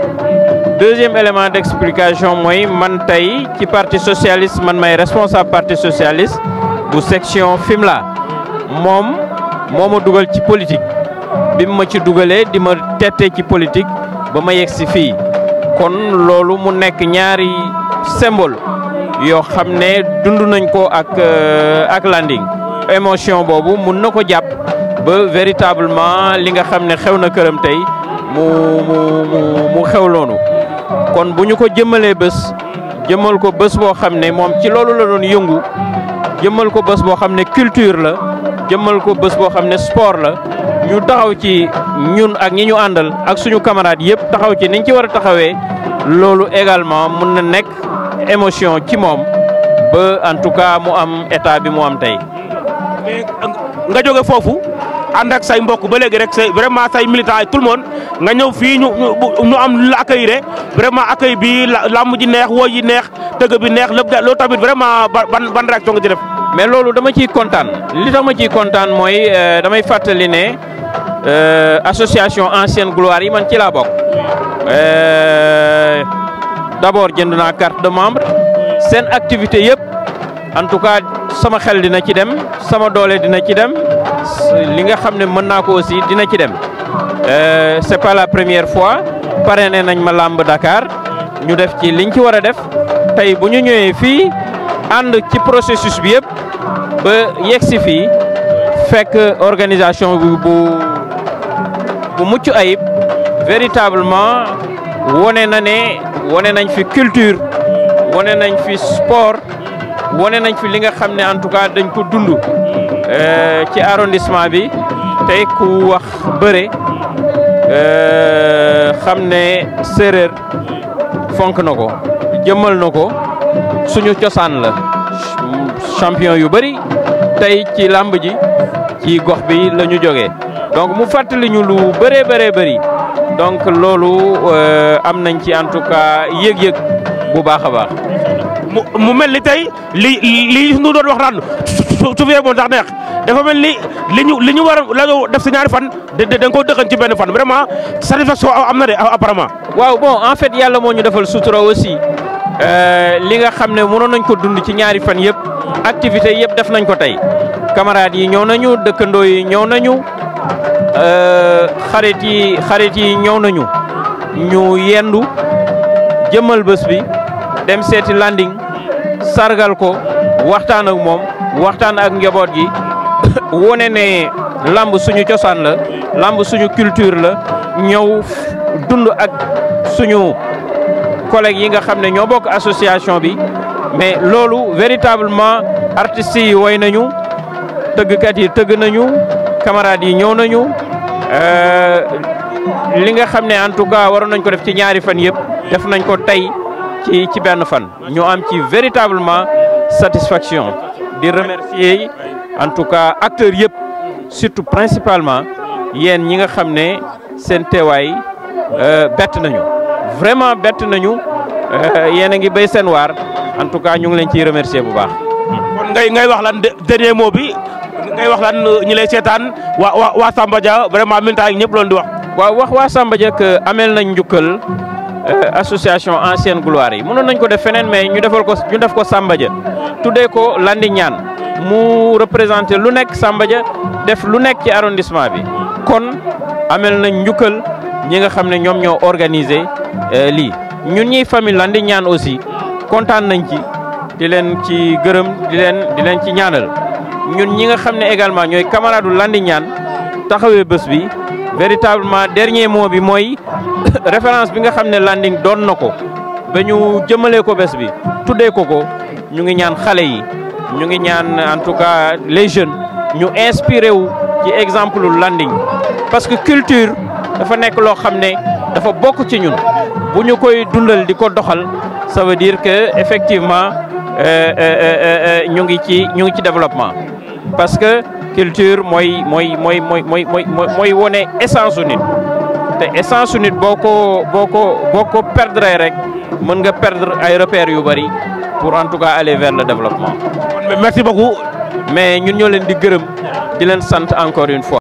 deuxième élément d'explication mooy man tey ci parti socialiste man may responsable parti socialiste bu section Fimela moom moo ma dugal ci politique bi ma ci dugalee di ma tette ci politique ba ma yegg si fii kon loolu mu nekk ñaari symbole yoo xam ne dund nañ ko ak euh, ak landing émotion boobu mun na ko jàpp ba véritablement li nga xam ne xew na këram tey mu mu mu xew loonu kon bu ñu ko jëmalee bés jëmal ko bés boo xam ne moom ci loolu la doon yëngu jëmal ko bés boo xam ne culture la jëmmal ko bés boo xam ne sport la ñu taxaw ci ñun ak ñi ñu àndal ak suñu camarades yëpp taxaw ci niñ ci war a taxawee loolu également mun na nekk émotion ci moom ba en tout cas mu am état bi mu am tey. mais nga joge foofu ànd ak say mbokk ba léegi rek say vraiment say militant ay tout le nga ñëw fii ñu ñu am la accueillir vraiment accueil bi làmb ji neex wooy ji neex tëgg bi neex lépp loolu tamit vraiment ban ban réaction nga ci def. mais loolu dama ciy kontaan li tax ma ciy kontaan mooy euh, damay fàttali ne. Euh, association ancienne gloire yi man ci laa bokk euh, d'abord jënd naa carte de membre seen activité yëpp en tout cas sama xel dina ci dem sama doole dina ci dem li nga xam ne mën naa ko aussi dina ci dem euh, c'est pas la première fois pare ne nañ ma làmb Dakar ñu def ci liñ ci war a def tey bu ñu ñëwee fii ànd ci processus bi yëpp ba yegg fii fekk organisation bu. bu mucc ayib véritablement wone na ne wone nañ fi culture wone nañ fi sport wone nañ fi li nga xam ne en tout cas dañ ko dund euh, ci arrondissement bi tey ku wax bëre euh, xam ne séeréer fonk na ko jëmmal na ko suñu cosaan la champion yu bëri tey ci làmb ji ci gox bi la ñu jógee donc mu fàttali ñu lu bëree bëree bëri donc loolu euh, am nañ ci en tout cas yëg-yëg bu baax a baax. mu mel ni tey li li ñu doon wax naan su su feegoon sax neex dafa mel ni li ñu li ñu war a la ñu def si ñaari fan da nga koo dëkkan ci benn fan vraiment satisfaction am na de apparemment. waaw bon en fait yàlla moo ñu defal sutura aussi euh, li nga xam ne mënoon nañ ko dund ci ñaari fan yëpp activités yëpp def nañ ko tey camarades yi ñëw nañu dëkkandoo yi ñëw nañu. Euh, xarit yi xarit yi ñëw nañu ñu yendu jëmmal bés bi dem seeti landing sargal ko waxtaan moom waxtaan ak njaboot gi [COUGHS] wone ne làmb suñu cosaan la lamb suñu culture la ñëw dund ak suñu collègues yi nga xam ne ñoo bokk association bi mais loolu véritablement artistes yi woy nañu tëggkat yi tëgg nañu camarades yi ñëw nañu euh, li nga xam ne en tout waroon nañ ko def ci ñaari fan yëpp def nañ ko tey ci ci benn fan ñu am ci véritablement satisfaction di remercier en tout cas acteurs yëpp surtout principalement yéen ñi nga xam ne seen teewaay euh, bett nañu vraiment bett nañu euh, yéen a ngi béy seen waar en tout cas ñu ngi leen ciy remercier bu baax. ngay wax lan dernier mot bi. ngay wax lan euh, ñi lay seetaan waa wa waa Samba Dia vraiment Minta ak ñëpp loolu di wax. waaw wax waa Samba Dia ameel nañ njukkal euh, association ancienne gloire yi mënoon nañ ko def feneen mais ñu defal ko ñu def ko Samba Dia tuddee ko landi ñaan mu représenté lu nekk Samba def lu nekk ci arrondissement bi kon ameel nañ njukkal ñi nga xam ne ñoom ñoo organiser euh, lii ñun ñiy famille landi ñaan aussi kontaan nañ ci di leen ci gërëm di leen di leen ci ñaanal. ñun ñi nga xam ne également ñooy camarade u Landiñaan taxawee bés bi véritablement dernier mot bi mooy [COUGHS] référence bi nga xam ne Landing doon na ko ba ñu jëmalee ko bés bi tuddee ko ko ñu ngi ñaan xale yi ñu ngi ñaan en tout cas les jeunes ñu inspiré wu ci exemple lu Landing parce que culture dafa nekk loo xam ne dafa bokk ci ñun bu ñu koy dundal di ko doxal ça veut dire que effectivement euh, euh, euh, ñu ngi ci ñu ngi ci développement parce que culture mooy mooy mooy mooy mooy mooy mooy wone essence su te essence su boo ko boo ko boo ko perdre rek mën nga perdre ay repères yu bari pour en tout cas aller vers le développement. merci beaucoup. mais ñun ñoo leen di gërëm di leen sant encore une fois.